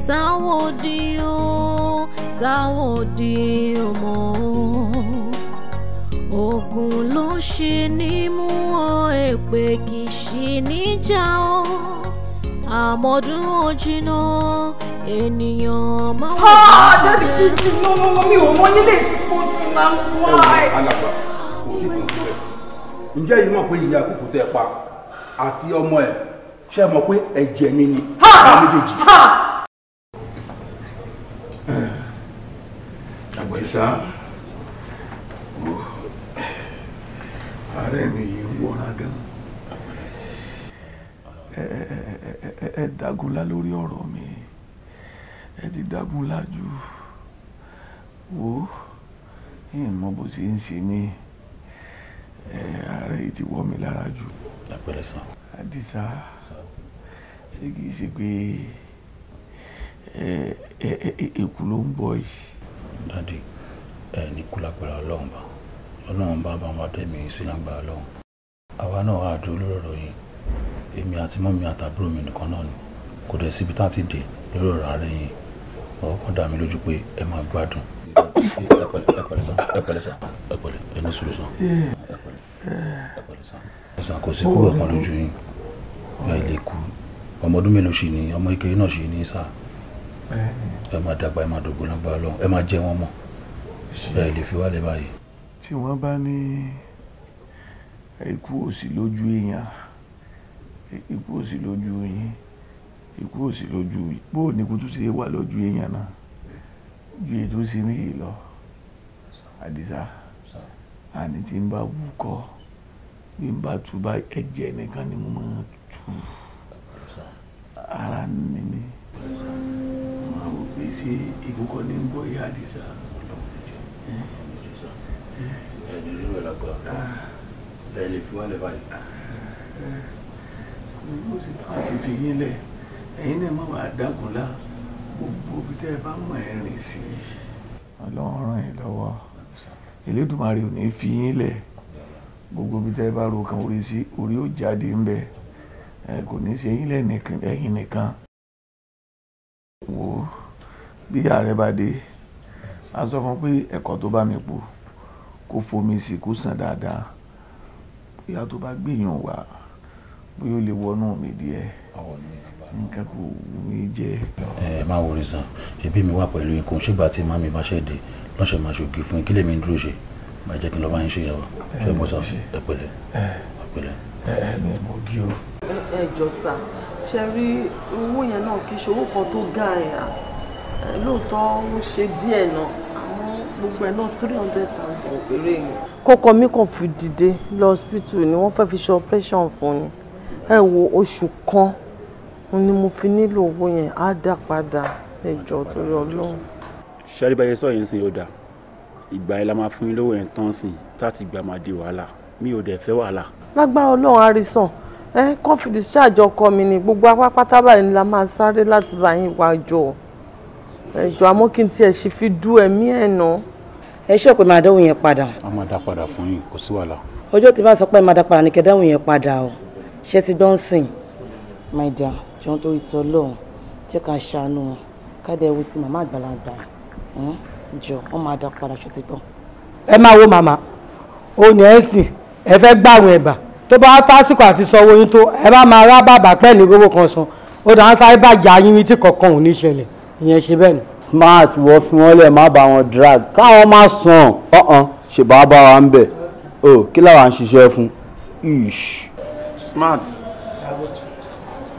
táwọn òdì ó táwọn òdì ó mọ́ ogun ló ṣe ní mú ọ èpè kì í ṣe níjà ó àmọ́dún ó jìnnà ènìyàn máa wà ní ṣe jẹ́. ọ̀dọ́ ti fi lọ́wọ́ mi ò mọ nílé ìsìnkú ti máa ń wá ẹ̀. alàgbà kò tí kò síbẹ̀ ǹjẹ́ yìí mọ̀ pé ìyá àkókò tẹ́ pa àti ọmọ ẹ̀ ṣe mọ̀ pé ẹ̀jẹ̀ mi ni àwọn méjèèjì. Àpẹ́sà ó àárẹ̀ mi yìí ń wọra gan ẹ dágunlá lórí ọ̀rọ̀ mi ẹ ti dágunlá jù wo ìmọ̀ bó ṣe ń ṣe mí ààrẹ yìí ti wọ́ mi lára jù. àpẹẹrẹ sàn. àdìsá ṣé kìí ṣe pé èkú ló ń bọ̀ yìí dáàdi ẹ ní kú lágbára ọlọ́run bá ọlọ́run bá bá wa dẹ́mi sí lágbára ọlọ́run àwa náà á dúró lórí ọ̀rọ̀ yìí èmi àti mọ́mi àtàbúrò mi nìkan náà ni kò dẹ̀ síbi tá a ti dé lórí ọ̀rọ̀ ààrẹ yìí ọ̀rọ̀ kan dà mí lójú pé ẹ máa gbádùn ẹ pẹ̀lẹ́ ẹ pẹ̀lẹ́ sàn ẹ pẹ̀lẹ́ sàn ẹ pẹ̀lẹ́ ẹ ní sùúrù sàn ẹ pẹ̀lẹ́ ẹ pẹ̀lẹ́ sàn ẹ sàn kò sí kúrò kan lójú yín ẹ lè kú ọmọ ọdún mélòó ṣì ní ọmọ ìkẹyìn náà ṣì ní sáà Eh. ẹ máa dàgbà ẹ máa dògbò lágbára lọ́wọ́ ẹ máa jẹ wọn mọ̀ ẹ lè fi wálé báyìí. tí wọ́n bá ní ikú òsì lójú èèyàn ikú òsì lójú yín ikú òsì lójú bó o ní kú tó ṣe wà lójú èèyàn náà ju ètò ṣe mí yìí lọ àdìsá àní tí n bá wúkọ́ bí n bá tú bá ẹ̀jẹ̀ nìkan ni mo máa tú ara mi ni máa wò pé ṣé igun kan ní ń bọ̀ ìyá àdìsá. ẹni rí wẹ̀ lágbà ẹ lè fi wọ́n lẹ̀ báyìí. yóò sì tán àti fi yín lẹ̀ ẹ̀yin náà má wàá dágun lá gbogbo ibi tẹ́ ẹ bá mọ̀ ẹ́ rìn sí. ọlọ́run ràn yín lọ́wọ́ Elédùmarè ò ní fi yín lẹ̀ gbogbo ibi tẹ́ bá ro kan orí sí orí ó jáde ń bẹ kò ní í ṣe nìkan bí ààrẹ bá dé a sọ fún pé ẹ̀kọ́ tó bá mi pò kó fomi sí kó sàn dáadáa bóyá tó bá gbìyàn wá bóyá ó lè wọnú mi díẹ̀ nǹkan kò wù mí jẹ. ẹ ẹ má wọrí san ẹbí mi wà pẹ̀lú ikùn ṣùgbọ́n àti màmí bá ṣe dé lọ́sẹ̀ máa ṣògì fún ìkílẹ̀ mi dúró ṣe máa jẹ́ kí n lọ́ọ́ bá ń ṣe ìyàwó ṣé mo sọ ẹ pẹ̀lẹ́ ẹ pẹ̀lẹ́. ẹ ẹ mọ kí o. ẹ jọ sá ṣe rí owó yẹn náà kì ṣe owó kan tó ga ẹ̀ lóòótọ́ ó ṣe díẹ̀ náà àmọ́ gbogbo ẹ̀ náà three hundred thousand péré ni. kọ́kọ́ mi kàn fi dìde lọ hospital ni wọ́n fẹ́ fi ṣe operation fún ni ẹ wo oṣù kan ni mo fi nílò owó yẹn á dá padà ẹjọ́ torí Ọlọ́run. ṣẹ́rí báyẹn sọ yẹn sìn ó dà ìgbà yẹn la máa fún yín lówó yẹn tán sìn tá àti ìgbà máa di wàhálà mi ò dẹ̀ fẹ́ wàhálà. lágbára Ọlọ́run àrísàn ẹ kọ́fìdí ṣáàjọ ọkọ mi ni gbogbo apá pátá báyìí ni la máa sáré láti bá yín wájọ ẹjọ àmọ́ kí n tiẹ̀ ṣe fi dú ẹ̀mí ẹ̀ nà. ẹ ṣe pé máa dáhùn yẹn padà. a máa dá padà fún yín kò sí wàhálà. ọjọ́ tí bá sọ pé máa dá padà ní kẹ́ dáhùn yẹn padà o ṣé ti gbọ́n sìn. my dear jọ̀ọ́ torí ti Ọlọ́run jẹ́ ká ṣàánú wọn káde ewu ti màmá àgbàlagbà jọ wọ́n máa dá padà ṣe ti gbọ́n. ẹ máa wo màmá o ní ẹ sìn ẹ fẹ́ gbàrún ẹ̀bà tó bá tásìkò àti sanwó yín tó ẹ bá máa rá bàbà pẹ́ẹ́lí gbogbo kan san ó dà ń sáré bàjẹ́ ayínwí tí kankan ò ní ṣẹlẹ̀ ìyẹn ṣe bẹ́ẹ̀ ni. smart wọ́n fi wọ́n lẹ̀ má bá wọn drag káwọn má sàn ọ̀hán ṣèbá bá wa ń bẹ̀ o kí làwọn ṣiṣẹ́ fún. smart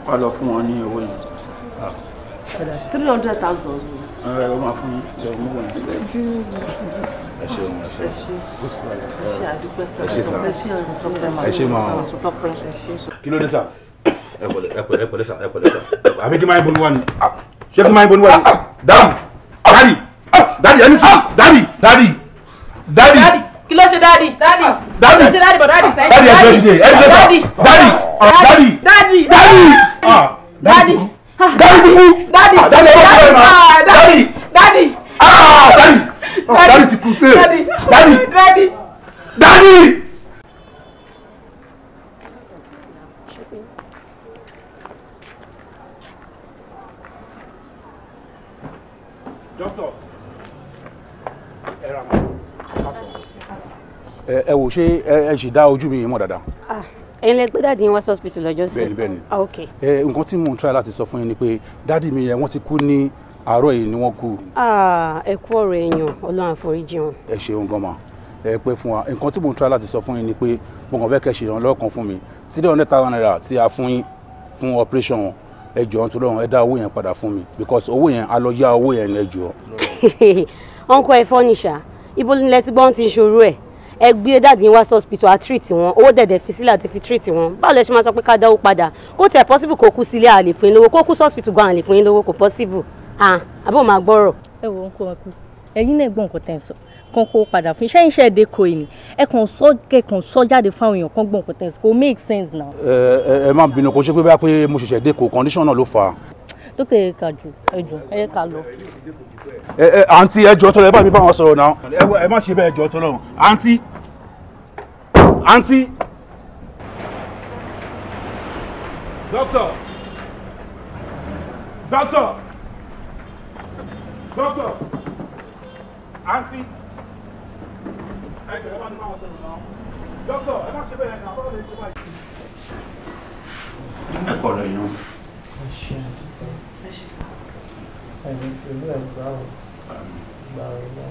wà lọ fún wọn ní owó yẹn. three hundred thousand. ẹ ọ máa fún ẹ mú wọn. ẹ ṣe ẹ ṣe ẹ ṣe máa kí ló dé sá ẹ pẹ̀lẹ́ ẹ pẹ̀lẹ́ sá ẹ pẹ̀lẹ́ sá àbí kí máa ń bolú wá ni ṣé kí n máa ń bọ́ níwájú dáàdì dáàdì dáàdì ẹni sùn dáàdì dáàdì dáàdì kí ló ṣe dáàdì dáàdì dáàdì ṣe dáàdì bọ̀ dáàdì sẹ́yìn dáàdì dáàdì dáàdì dáàdì dáàdì dáàdì dáàdì dáàdì dáàdì dáàdì dáàdì dáàdì dáàdì dáàdì ti kú pé dáàdì dáàdì dáàdì. ẹ wò ṣé ẹ ṣì dá ojú mi yẹn mọ̀ dáadáa. Ah, ẹ̀yin lẹ gbé dáàdi yẹn wá sí hospital lọ́jọ́ sí. bẹ́ẹ̀ni bẹ́ẹ̀ni ah, ẹ nǹkan tí mò ń try láti sọ fún yín ni pé dáàdi mi yẹn wọ́n ti kú ní àárọ̀ yìí ni wọ́n kú. Ah, ẹ kú ọ̀rọ̀ èèyàn ọlọ́run àforíjì wọn. ẹ ṣeun gan ma ẹ pé fún wa nǹkan tí mò ń try láti sọ fún yín ni pé mo kàn fẹ́ kẹ́ ṣe ìrànlọ́wọ́ kan fún mi three hundred thousand naira tí a fún yín fún operation wọn ẹ jọ̀ọ́ nítorí ọ̀hún ẹ dá owó yẹn padà fún mi because owó yẹn a lọ yá owó yẹn ẹ jọ̀ọ́. ọ̀nkọ ẹ̀fọ́ nìṣà ibo ni lẹ ti gbọ́ ti ṣòro ẹ̀ ẹ gbé dáàdì wá sí hospital àtírìtì wọn owó dẹ̀dẹ̀ fi sílẹ̀ àti fi tírìtì wọn báwo lẹ ṣe máa sọ pé ká dáwó padà kó tẹ̀ possible kó kú sílé àlè fún yín lówó kó kú sí gan àlè fún yín lówó kò possible ah àbí òun máa gbọ́rọ̀. ẹ wo nǹkan ọkùn ẹ̀yin náà gbọ́ nǹkan tẹ́ ń sọ kan kó padà fún iṣẹ́ iṣẹ́ èdè kò ní ẹ kàn sọ kẹ sọ jáde fáwọn èèyàn kan gbọ́ nǹkan tẹ́ ń sọ kò make sense now. ẹ ẹ má bínú kò ṣe pé bá pé mo ṣẹ̀ṣẹ̀ dé kò condition náà ló fà á dókè ẹ kà jù ẹjọ ẹ kà lọ. àǹtí ẹjọ tọrọ ẹ bá mi bá wọn sọ̀rọ̀ náà ẹ má ṣe bẹ́ẹ̀ ẹjọ tọrọ àǹtí àǹtí. doctor doctor doctor àǹtí ẹjọ ẹ bá mi bá wọn sọ̀rọ̀ náà doctor ẹ má ṣe bẹ́ẹ̀ ẹjọ tọrọ ẹ ṣe báyìí. ẹ kọ̀ lẹ́yìn o. ẹ̀mí tó ní ẹ̀gbá ò gbà ò lọ.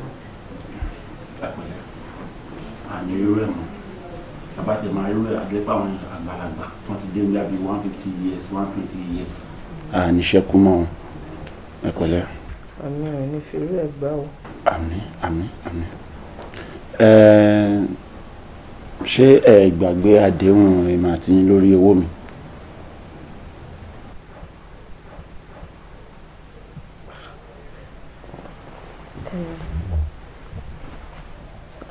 àmì irú ẹ̀ mọ́ bàbá tẹ máa irú ẹ̀ àgbẹ̀pá àwọn àgbàlagbà tí wọ́n ti dé nílẹ̀ bíi one fifty years one twenty years. àníṣe kú mọ́ ẹ pẹ̀lẹ́. àmì ẹ̀ ní fi irú ẹ̀ gbá ò. àmì àmì àmì ṣé ẹ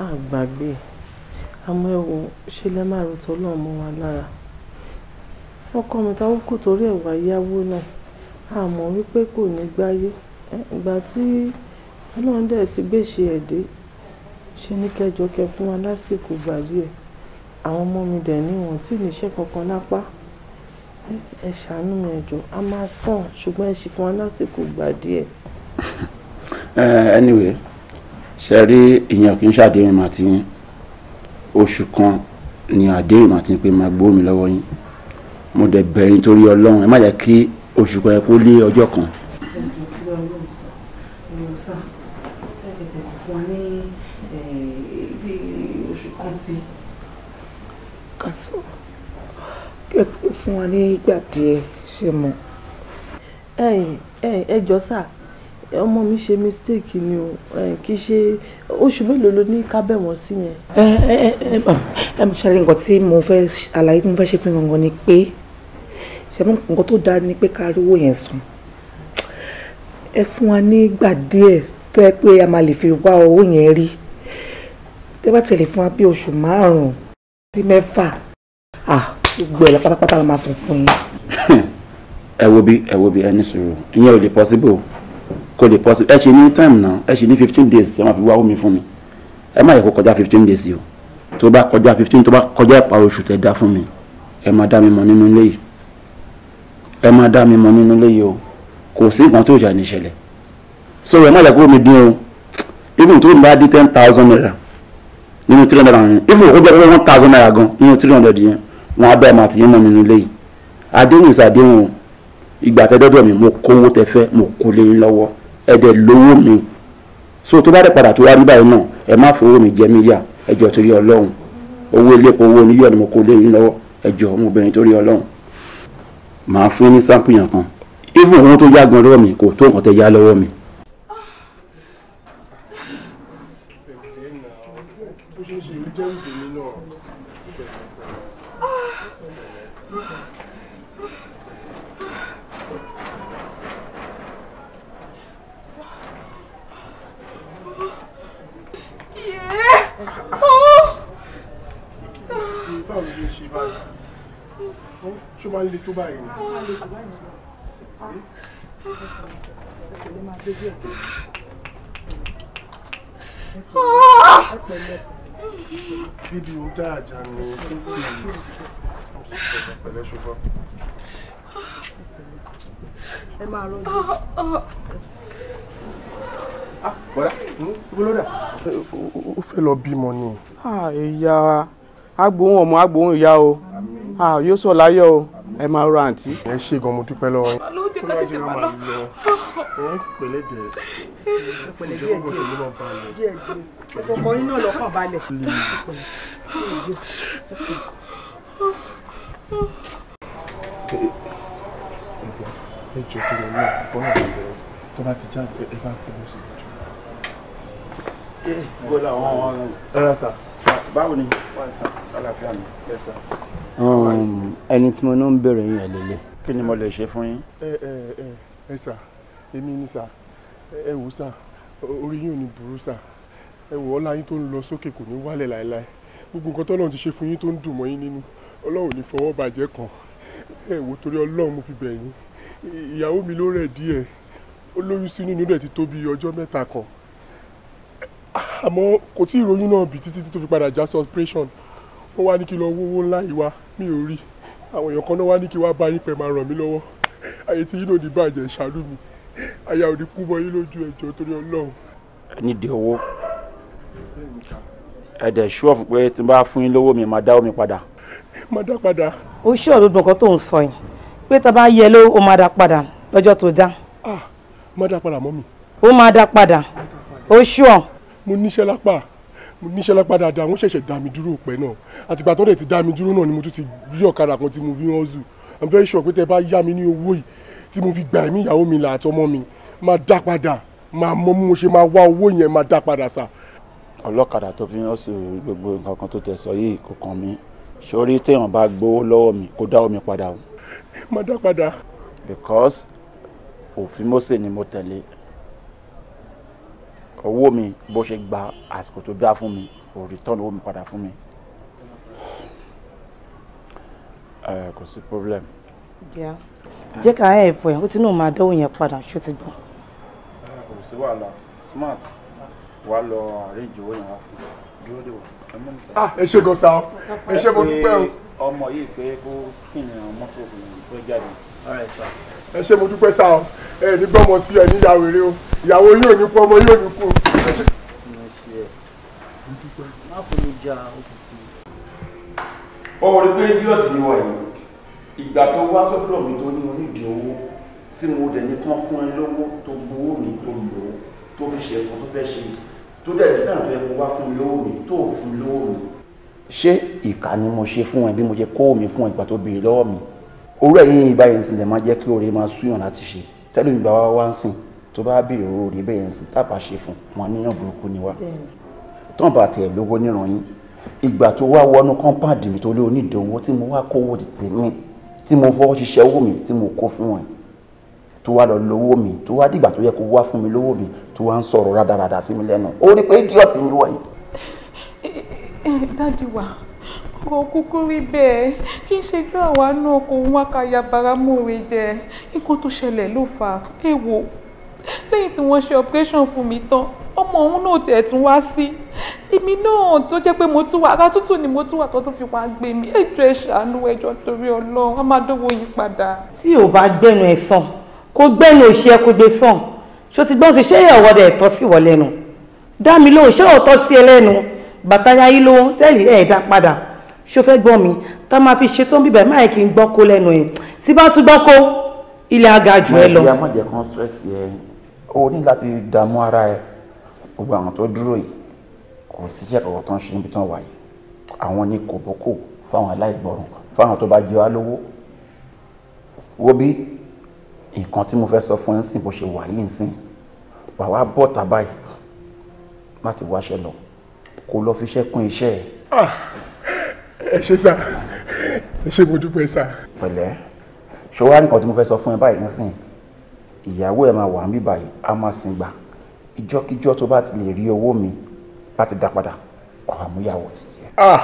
a gbàgbé àmọ́ ẹ wò ṣe lẹ́ máa rò tọ́lọ́run mọ́ wa lára ọkọ mi táwọn kò torí ẹ̀wà yáwó náà àmọ́ wípé kò ní gbáyé ìgbà tí ọlọ́run dẹ̀ ti gbèsè ẹ̀ dé ṣe ní kẹjọ kẹ fún wa lásìkò gbà díẹ̀ àwọn ọmọ mi dẹ̀ ní wọn tí níṣẹ́ kankan lápá ẹ ṣàánú mi ẹjọ a máa sàn ṣùgbọ́n ẹ ṣì fún wa lásìkò gbà díẹ̀. Eh, anyway ṣe rí ìyẹn kì í ṣàdéhùn màtí yín oṣù kan ni àdéhùn àti pé máa gbó mi lọ́wọ́ yín mo dẹ̀ bẹ̀ yín ọlọ́run ẹ má jẹ́ kí oṣù kan ẹ kó lé ọjọ́ kan. kàṣọ kẹ́tì fún wa ní ìgbà díẹ̀ ṣe mọ̀. ẹ ẹ jọ sáà ọmọ mi ṣe mistake ni o kì í ṣe oṣù mélòó ló ní ká bẹ̀ wọ́n sí yẹn. ẹ ẹ ẹ nǹkan tí mo fẹ́ àlàyé tí mo fẹ́ ṣe fún gangan ni pé ṣàmú nǹkan tó dáa ni pé ká rówó yẹn san ẹ fún wa nígbà díẹ̀ tó yẹ pé a máa lè fi wá owó yẹn rí tẹ́ bá tẹ̀lé fún wa bí oṣù márùn-ún sí mẹ́fà gbogbo ẹ̀ la pátápátá la máa san fún yín. ẹ wo bí ẹ wo bí ẹ ní sùúrù ìyẹn ò lè possible kò lè possible ẹ ṣe ní time náà ẹ ṣe ní fifteen days ẹ máa fi wá omi fún mi ẹ má yẹ kó kọjá fifteen days yìí o tó bá kọjá fifteen tó bá kọjá ìparí oṣù tẹ dá fún mi ẹ máa dá mi mọ̀ nínú ilé yìí ẹ máa dá mi mọ̀ nínú ilé yìí o kò sí nǹkan tó jà ní ìṣẹ̀lẹ̀ so ẹ má yẹ kó mi dín o even tó mi bá dín ten thousand naira nínú three hundred and even kó jẹ́ one thousand naira gan nínú three hundred yẹn wọn á bá ẹ máa tìyẹn mọ̀ nínú ilé yìí àdéhùn ìsàdéhùn ìgbà tẹ́dọ́dọ̀ mi mo kówó tẹ fẹ́ mo kó lé yín lọ́wọ́ ẹ̀dẹ̀ lówó mi so tó bá dẹ̀ padà tó wá rí báyìí náà ẹ má fowó mi jẹ mí yà ẹjọ́ torí ọlọ́run owó iléepo owó oníyọ̀ ni mo kó lé yín lọ́wọ́ ẹjọ́ ọmọbìnrin torí ọlọ́run màá fún ní sáǹpù yàn kan even owó tó yá gan lọ́wọ́ mi kò tó nǹkan tẹ́ yá lọ́wọ́ mi. Thank you. báwo ló ṣe báyìí ṣó máa ń le tó báyìí ni. bíbí o dá àjà ni tó kù yìí pẹ̀lẹ́ ṣùgbọ́n. ẹ máa rọjò bọ́dà bọ́lọ́dà. ó fẹ́ lọ bímọ ni. ìyá agbóhùn ọmọ agbóhùn ìyá o yóò sọ láyọ̀ o ẹ máa rọ àǹtí. ẹ ṣe gan mo dúpẹ́ lọ. ẹ pẹ̀lẹ́ dẹ̀ ẹ pẹ̀lẹ́ lọ bọ́lá ìbẹ̀rẹ̀ tó bá ti jáde ẹ bá kúrò sí i bọ́lá àwọn rárá sà. báwo ni wà sà lálàáfíà mi. Um, ẹni tí mo náà ń bèrè yín ẹ lélẹ̀. kí ni mo lè ṣe fún yín. ẹ ẹ ẹ ẹ sà èmi ni sà ẹ wò sà orí yín ò ní burú sà ẹ wò ọlá yín tó ń lọ sókè kò ní wálẹ̀ láéláé gbogbo nǹkan tọ́lọ́run ti ṣe fún yín tó ń dùn mọ́ yín nínú ọlọ́run ò ní fọwọ́ bàjẹ́ kan ẹ wò torí ọlọ́run mo fi bẹ̀ yín ìyàwó mi ló rẹ̀ díẹ̀ ó lóyún sínú inú rẹ̀ ti tó ọjọ́ mẹ́ta kan àmọ́ kò tí ì ròyìn náà bí títí tó fi padà já suspension wọ́n wá ní kí lọ wówó ńlá ìwà mi ò rí àwọn èèyàn kan náà wá ní kí wá bá yín pẹ̀ máa ràn mí lọ́wọ́ ayé tí yín ò ní bàjẹ́ ṣàánú mi aya ò ní kú mọ́ yín lójú ẹjọ́ torí ọlọ́run. ẹ nídìí owó ẹ dẹ̀ ṣúọ̀ fún pé tí n bá fún yín lówó mi máa dá omi padà. máa dá padà. o ṣé ọ̀dọ́dún kan tó ń sọ yìí pé tá a bá yẹ ló o máa dá padà lọ́jọ́ tó dá. ah máa dá padà mọ́ mi. o máa dá padà o ṣúọ̀ mo níṣẹ́ lápá mo níṣẹ́ lápá dáadáa wọ́n ṣẹ̀ṣẹ̀ dá mi dúró pẹ́ náà àtìgbà tó dẹ̀ ti dá mi dúró náà ni mo tún ti rí ọ̀kadà kan tí mo fi hàn zù i'm very sure pé tẹ bá yá mi ní owó yìí tí mo fi gbà mí ìyàwó mi là àtọmọ mi máa dá padà máa mọ mo ṣe máa wá owó yẹn máa dá padà sà. ọlọ́kadà tó fi hàn sí gbogbo nǹkan kan tó tẹ̀ sọ yìí kò kàn mí sórí téèyàn bá gbowó lọ́wọ́ mi kó dá omi padà máa dá padà. because òfin Mósè ni mo tẹ̀lé owó mi bó ṣe gba àsìkò tó dá fún mi kò return owó mi padà fún mi. Eh, kò sí problem. jẹ́ ká ẹ̀ ẹ̀pọ̀ ẹ̀ ó ti nù máa dánwò yẹn padà ṣó ti gbọ́n. Eh, kò sí wàhálà smart wàá lọ àríjì owó yẹn wá fún mi dúró dé ah ẹ ṣe gọ́sà ọ ẹ ṣe mo dúpẹ́ o. ọmọ yìí pé kó kí ni àwọn mọ́tò tó jáde ẹ ṣe mo dúpẹ́ sáà ẹ ní gbọ́mọ sí ẹ níyàwó eré o ìyàwó yóò ní kú ọmọ yóò ní kú. ọ̀rọ̀ pé idiot ni wọ̀nyí ìgbà tó wá sọ́dọ̀ mi tó ní onídìí owó tí mo dẹ̀ ní kán fún ẹ lówó tó gbowó mi tó lò ó tó fi ṣe ẹ̀kọ́ tó fẹ́ ṣe tó dẹ̀ ní tàn fẹ́ wá fún mi lówó mi tó fún mi lówó mi. ṣé ìkà ni mo ṣe fún ẹ bí mo ṣe kó mi fún ìgbà tó béèrè lọ́wọ́ mi orú ẹ̀yìn ìbáyìí sì lè máa jẹ́ kí oore máa súyàn láti ṣe tẹ́lẹ̀ ìgbà wa wá ń sìn tó bá bèrè owó oore bẹ́ẹ̀ ń sìn tábà ṣe fún wọn níyàn burúkú ni wá tán bá tẹ̀ lówó níran yín ìgbà tó wá wọnú kọ́ńpáàdì mi tó lé onídòwó tí mo wá kówó ti tèmi tí mo fọwọ́ ṣiṣẹ́ owó mi tí mo kó fún wọn tó wá lọ lówó mi tó wá dìgbà tó yẹ kó wá fún mi lówó mi tó wá ń sọ̀rọ̀ rádaràdà sí mi lẹ́nu ó pé idiot ni wọ̀nyí. dájú wa kò kúkú rí bẹ́ẹ̀ kí n ṣejú àwa náà kò ń wá ka yabara mòwe jẹ nǹkan tó ṣẹlẹ̀ ló fà á èèwọ̀ lẹ́yìn tí wọ́n ṣe operation fún mi tán ọmọ òun náà tiẹ̀ tún wá sí èmi náà tó jẹ́ pé mo tún wà ara tútù ni mo tún wà tó tún fi wá gbé mi ẹjọ́ ẹ ṣàánú ẹjọ́ torí ọlọ́run a máa dánwò yí padà. tí ò bá gbẹnu ẹ sàn kó gbẹnu òṣì kó gbé sàn ṣó ti gbọ́n sí ṣé ìyàwó rẹ̀ tọ́ sí wọ́n dá mi lóhùn ṣé òótọ́ sí ẹ lẹ́nu bàtà yáyí ló tẹ́lẹ̀ ẹ̀ dá padà ṣó fẹ́ gbọ́ mi tá a máa fi ṣetán bíbẹ̀ máa kí n gbọ́ kó lẹ́nu ẹ̀ tí bá tún gbọ́ kó ilé aga jù ẹ lọ. ìyá má jẹ́ kán stress yẹ o ní láti dààmú ara ẹ gbogbo àwọn tó dúró yìí kò síṣẹ́ kọ̀ọ̀kan tó ń ṣe níbi tán wà yìí àwọn ní kòbókò fáwọn aláìgbọràn fáwọn tó bá jẹ wá lówó wo bí nǹkan tí mo fẹ́ sọ fún ẹ ń sìn bó ṣe wà yìí ń sìn bàbá bọ̀ tàbá láti wáṣẹ́ lọ kó lọ fiṣẹ́ kún iṣẹ́ ẹ̀. Ah! ẹ ṣe sá ẹ ṣe mo dúpẹ́ sá. pẹ̀lẹ́ ṣọwọ́ àníkan tí mo fẹ́ sọ fún ẹ báyìí nísìn ìyàwó ẹ máa wà ń bí báyìí á máa sin gbà ìjọ́kíjọ́ tó bá ti lè rí owó mi láti dá padà ọ̀rọ̀ àmúyàwó títí ẹ. Ah!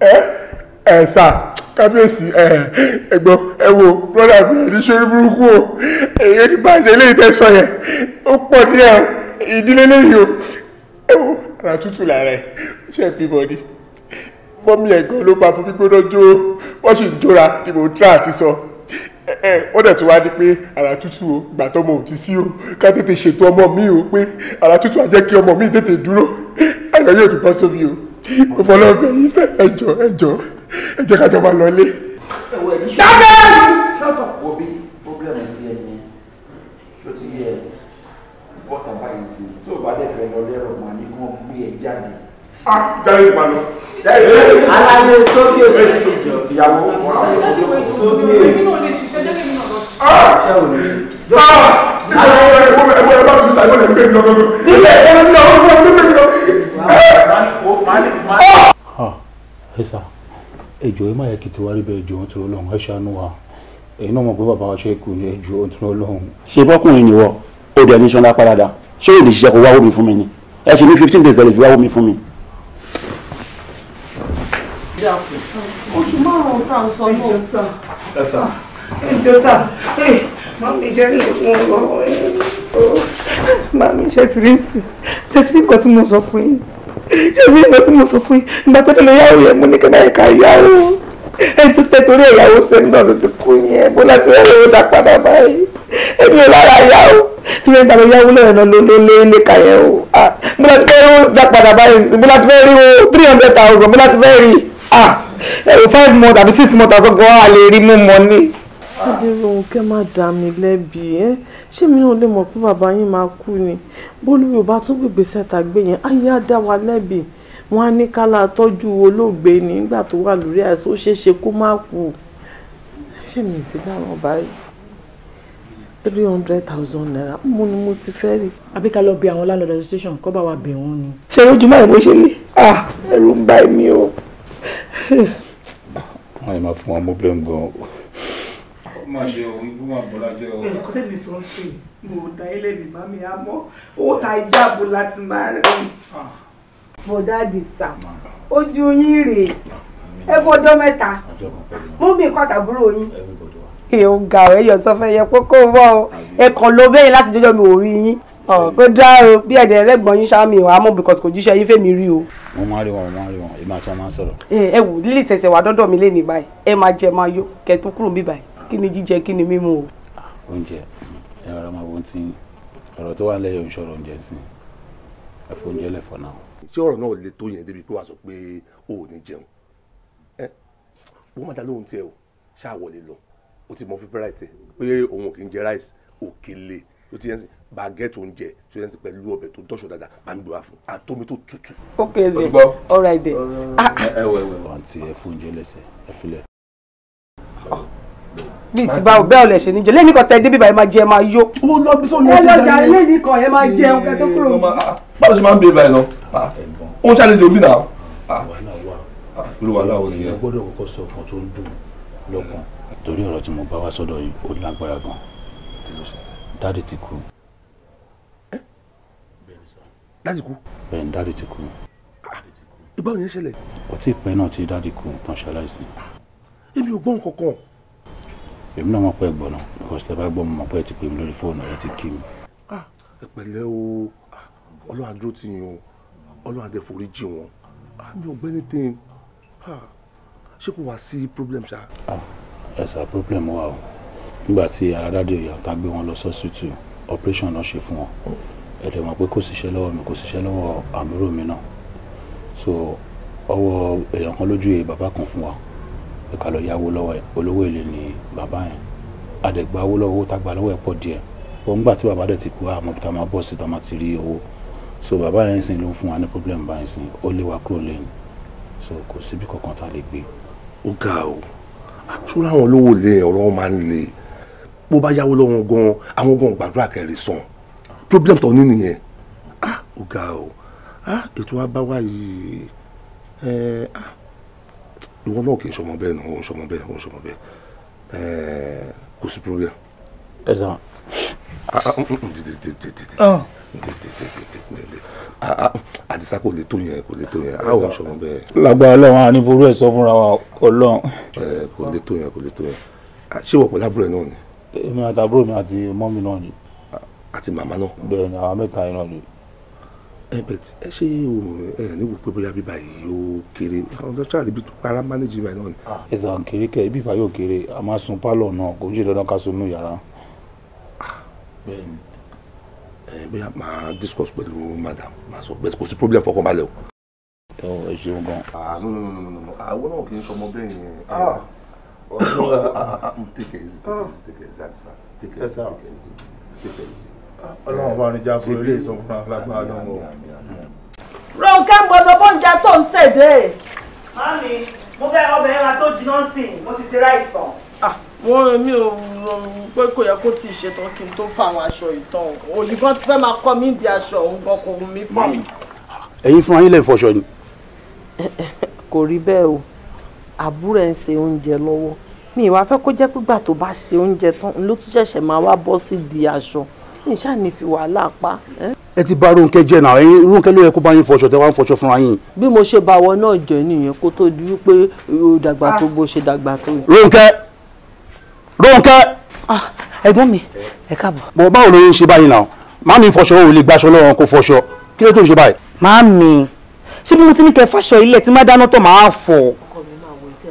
ẹ ẹ sá kábíyèsí ẹ ẹ̀gbọ́n ẹ wo brọdà mi ní sórí burúkú o èyí ní bàjẹ́ ilé ìtẹ́sọ̀ yẹn ó pọ̀ díẹ̀ ìdílé lẹ́yìn o ẹ wo àrà tútù lára ẹ ṣe é bímọ ni mọ́mí ẹ̀gán ló bá fún gbígbóná jó wọ́n sì ń jóra ni mò ń tra àti sọ ẹ ó dẹ̀ tó wá di pé àrà tútù o gbà tọmọ ò ti sí o ká tètè ṣètò ọmọ mi o pé àrà tútù á jẹ́ kí ọmọ mi tètè dúró àyàn yóò dùn bọ́ sómi o mo fọ́ lọ́ọ́ bẹ̀ yín sẹ́ ẹjọ́ ẹjọ́ ẹ jẹ́ kájọ máa lọlé. dábẹ́ ṣọ́tọ̀ wo bí pọ́blẹ́mù ti ẹ̀ yẹn ṣó ti yẹ bọ́tà báyìí tí tó bá dẹ̀ fẹ́ lọ lẹ́rọ̀ màá ní kí wọ́n gbé ẹ jáde. sá jáde ìbálò aláyé sókè sí ìyàwó sókè. ẹsà ẹjọ ẹ má yẹ kí tiwa rí bẹ ẹjọ nítorí Ọlọ́run ẹ ṣàánú wa ẹ̀yin náà mọ̀ pé bàbá wa ṣe kù ní ẹjọ nítorí Ọlọ́run. ṣe bọ́kùnrin ni wọ ó di ẹni sọ́nà pàdádà ṣé èdè ṣiṣẹ́ kó wá wọ́n mi fún mi ni ẹ ṣe ní fifteen days ẹ lè fi wá wọ́n fún mi dákun. oṣù márùn-ún tá à ń sọ náà. ẹjọ sà. ẹ sà. ẹjọ sà. mami jẹ́ lẹ́kùn ọ̀rọ̀ ẹ̀. mami ṣe ti rí sí ṣe ti rí nǹkan tí mo sọ fún yín ṣe ti rí nǹkan tí mo sọ fún yín ìgbà tó délé yàwó yẹn mo ní kí n náà kà yàwó ẹtú tẹtorí ìyàwó sẹni náà ló ti kú yẹn bó láti rẹ lóò dá padà báyìí o ah, bó láti fẹ́ rí o three hundred thousand bó láti fẹ́ rí ah five months àbí six months àsọ̀gbọ́ a lè rí mú mọ́ ni. adéròhùn kẹ́ má dá mi lẹ́bi ẹ́ ṣé mi náà lè mọ̀ pé bàbá yín máa kú ni bólúwì ò bá tún gbègbè sẹ́ta gbé yẹn ayé á dá wa lẹ́bi wọn á ní kálá tọ́jú olóògbé ni nígbà tó wà lórí àìsàn ó ṣeé ṣe kó má kú ṣé mi ti dáhùn báyìí three hundred thousand naira mo ni mo ti fẹ́ rí. àbí ká lọ bí àwọn landlord association kọ́ bá wa bẹ̀ wọ́n ni. ṣé ojúmọ́ ìwé ṣe lé ah ẹ̀rù ń bá mi o wọ́n yìí máa fún wa problem gan. ó mà ṣe o ibú máa bọ́lá jẹ́ o. ẹ̀kọ́ tẹ̀mí sọ sí i mo da ilé mi má mi àmọ́ owó ta ìjáàbò láti máa rí i. mo dáàdì sà ojú yín rèé ẹ kó ọjọ́ mẹ́ta mú mi kọ́ àtàbúrò yín èèyàn ga ọ̀ ẹ̀yọ̀ sọ fẹ́ yẹ kókó wọ́ ọ ẹ̀kan ló bẹ́yìn láti jọjọ́ mi ò rí yín kó dá o bí ẹ̀dẹ̀ ẹlẹ́gbọ̀n yín ṣáàmì ìwà mọ̀ because kò jíṣẹ́ yín fèmí rí o. mo máa rí wọn mo máa rí wọn èmi àti wọn máa ń sọ̀rọ̀. ẹ wò lílì tẹ̀sẹ̀ wà dọ́dọ̀ mi lé ní báyìí ẹ máa jẹ máa yó kẹ tó kúrò mí báyìí kí ni jíjẹ kí ni mímu o. oúnjẹ ẹ rọra máa wo ti ọ̀rọ̀ tó wà ń lẹ́yìn oṣù ọ̀rọ̀ oúnjẹ sí ẹ fọ oúnjẹ lẹ́fọ̀ náà. ṣé ọ̀rọ̀ náà le tó yẹn débi pé o ò ní jẹun ẹ wọ́n máa dá o ṣáà wọlé lọ o ti mọ fífẹ́ ráìtì pé òun ò kì í jẹ ráìsì òkèlè o ti yẹn sìn baguette oúnjẹ tí wọ́n ti pẹ̀lú ọbẹ̀ tó dọ́ṣọ̀ dáadáa bá ń gbéra fún àtomi tó tutù. ok ebe ọ̀rọ̀ ebe. ẹ wẹ wẹ àǹtí ẹ fún oúnjẹ lẹ́sẹ̀ ẹ filẹ̀. bí ti bá ọbẹ̀ ọ̀lẹ̀ ṣe níjẹ lẹ́yìn kan tẹ débi báyìí máa jẹ máa yó. ó lọ bí sọ́ọ́ ló ti dáná. ẹ lọ́jà lẹ́yìn kan ẹ máa jẹun kẹ́ tó kúrò. Ah, báwo ṣe máa ń bẹ báyìí lọ ah, ó ń ṣàlejò mí náà. olùwàlà ò ní yẹ. gbọ́dọ̀ kọ́kọ́ sọ ọkàn tó ń dùn lọ́kàn torí ọ̀rọ̀ tí mo bá wá sọ́dọ̀ yìí ó lágbára gan-an dáàdì ti kú dáàdì kú. bẹ́ẹ̀ ni dáàdì ti kú. Ah, ìgbà wo yẹn ṣẹlẹ̀. ọtí ìpẹ́ náà ti dáàdì kú tán ṣaláìsí. èmi ò gbọ́ nǹkan kan. èmi náà mọ̀ pé ẹ̀gbọ́n náà because tẹ bá gbọ́ mo mọ̀ pé ẹ ti pè mí lórí fóònù ẹ ti kí mi. Ah, ẹ pẹ̀lẹ́ o ah, ọlọ́run àdúró ti yàn o ọlọ́run àdẹ forí jì wọn mi ò gbẹ́ anything ṣé kò wá sí problem ṣá. ẹ sà problem wà o nígbà tí ara dáàdì ìyá ọ̀tá gbé wọn lọ sọ́sítù operation náà ṣe fún wọn ẹ̀dẹ̀ mọ̀ pé kò síṣẹ́ lọ́wọ́ mi kò síṣẹ́ lọ́wọ́ àmúrò mi náà so ọwọ́ èèyàn kan lójú yìí bàbá kan fún wa pé ká lọ yáwó lọ́wọ́ ẹ̀ olówó èlé ni bàbá yẹn àdẹ̀gbà owó lọ́wọ́ tágbà lọ́wọ́ ẹ̀ pọ̀ díẹ̀ wọ́n ń gbà tí bàbá dẹ̀ ti kú àmọ́ tá máa bọ̀ sí tá máa ti rí owó so bàbá yẹn sìn ló ń fún wa ní problem báyìí sìn ó lé wa kúrò lẹ́nu so kò síbi kankan tá a lè gbé. ó ga o ṣúra àwọn olówó lè ọ̀rọ̀ máa ń le bó bá yáwó lọ́wọ́ gan-an àwọn gan gbàdúrà kẹrì sàn problem tó ní nìyẹn ah ó o ah ètò abáwá yìí ẹ eh, ah ìwọ náà kì í sọmọ bẹ́ẹ̀ náà ó ń sọmọ bẹ́ẹ̀ ó ń sọmọ bẹ́ẹ̀ ẹ eh, kò sí problem. ẹ sàn. Ah, ah, mm, mm, oh. ah, àdìsá kò lè tó yẹn kò lè tó yẹn a ò ń sọmọ bẹ́ẹ̀. lágbára ọlọ́run a ní forú ẹ̀ sọ fúnra wa ọlọ́run. ẹ eh, kò lè tó yẹn kò lè tó yẹn ṣé wọ̀ pẹ̀lú àbúrò ẹ̀ náà ni. èmi àtàbúrò mi àti mọ́mí náà ni àti màmá náà. bẹ́ẹ̀ ni àwọn mẹ́ta iná ni. ẹ bẹ tí ẹ ṣe ẹ ní wò pé bóyá bíbá yìí ó kéré àwọn ọjọ́ ṣáà tó para mánéjì báyìí náà ni. Ah, ẹ̀sán kéré kẹ ibi ìfà yóò kéré a máa sun pálọ̀ náà kò ń ṣe dandan ká sun inú yàrá. Ah, bẹ́ẹ̀ ni ẹ bóyá máa discuss pẹ̀lú madam máa sọ bẹ́ẹ̀ kò sí problem fọkàn balẹ̀ o. ẹ ṣeun gan. ah no no no no no àwọn náà kì í ṣọmọ bẹ́ẹ̀ yẹn. ah, ah take it easy take it easy take it easy take it easy take it easy ọlọ́run bá ní jábọ̀ lórí ìsọfúnra lágbára lọ́wọ́. Rónkẹ́ gbọ́dọ̀ bọ́ǹjà tó ń ṣèdè. Mami, mo fẹ́ ọbẹ̀ ẹran tó jiná sí i, mo ti ṣe ráìsì tán. Ah, wọ́n mi ò rò pé kò yẹ kó ti ṣetán kí n tó fa àwọn aṣọ ìtàn. Òyìnbọn ti fẹ́ máa kọ́ mí di aṣọ òun gan kò mí fún mi. Ẹ̀yin fún ayé lè fọṣọ ni. [LAUGHS] Kò rí bẹ́ẹ̀ o, àbúrò ẹ̀ ń ṣe oúnjẹ lọ́wọ́. Mi ìwà fẹ́ kó jẹ́ pígbà tó bá ṣe oúnjẹ tán ló tún ṣẹ̀ṣẹ̀ máa wá bọ́ sí di aṣọ n ṣáà ní fi wàhálà pa. ẹ ti bá Rónkẹ́ jẹ́ náà ẹ̀yin Rónkẹ́ ló yẹ kó bá yín fọṣọ tẹ́ wá ń fọṣọ fúnra yín. bí mo ṣe bá wọ náà jẹ nìyẹn kó tó di wípé o dàgbà tó bó ṣe dàgbà tó. Rónkẹ́ Rónkẹ́. Ah, ẹ̀gbọ́n mi ẹ káàbọ̀. bọ̀ báwo ló ń ṣe báyìí náà má mi fọṣọ ò lè gbaṣọ lọ́wọ́ kó fọṣọ kí ló tó ń ṣe báyìí. má mi ṣé bí mo ti ní kẹ́ fàṣọ ilẹ̀ tí má dáná tó máa fọ̀. ọkọ mi máa wọ etí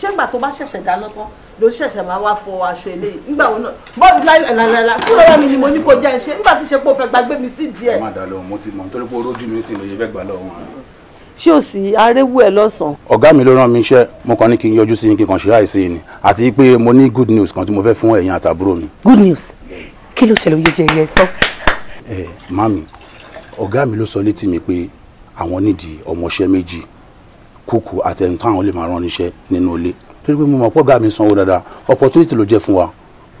ṣé ìgbà tó bá ṣẹ̀ṣẹ̀ dáná tán ló ṣẹ̀ṣẹ̀ máa wá fọ aṣọ eléyìí nígbà wo náà bọ́ọ̀lù lálẹ́lá fún ọ̀rọ̀ mi ni mo ní kó jẹ́ ṣe nígbà tí ṣe pé o fẹ́ gbàgbé mi sí díẹ̀. má dà lóhùn mo ti mọ̀ nítorí pé orójú mi sì lóye fẹ́ gbà lọ́hùn. ṣé o sì arẹ́wù ẹ lọ́sàn-án. ọ̀gá mi ló rán mi iṣẹ́ mo kàn ní kí n yọjú sí yín kí n kàn ṣe àìsí ni àti pé mo ní good news kan tí mo fẹ́ fún ẹ̀yin àtàbúrò mi. good news kí ló ṣẹlẹ̀ oyè jẹ̀yẹ sọ. ẹ mami ọ̀gá mi ló sọ létí mi pé àwọn nídìí ọmọọṣẹ́ méjì kúkú àti ẹni táwọn lè máa rán níṣẹ́ nínú ilé torí pé mo mọ̀ pọ̀ ọ̀gá mi sanwó dáadáa opportunity ló jẹ́ fún wa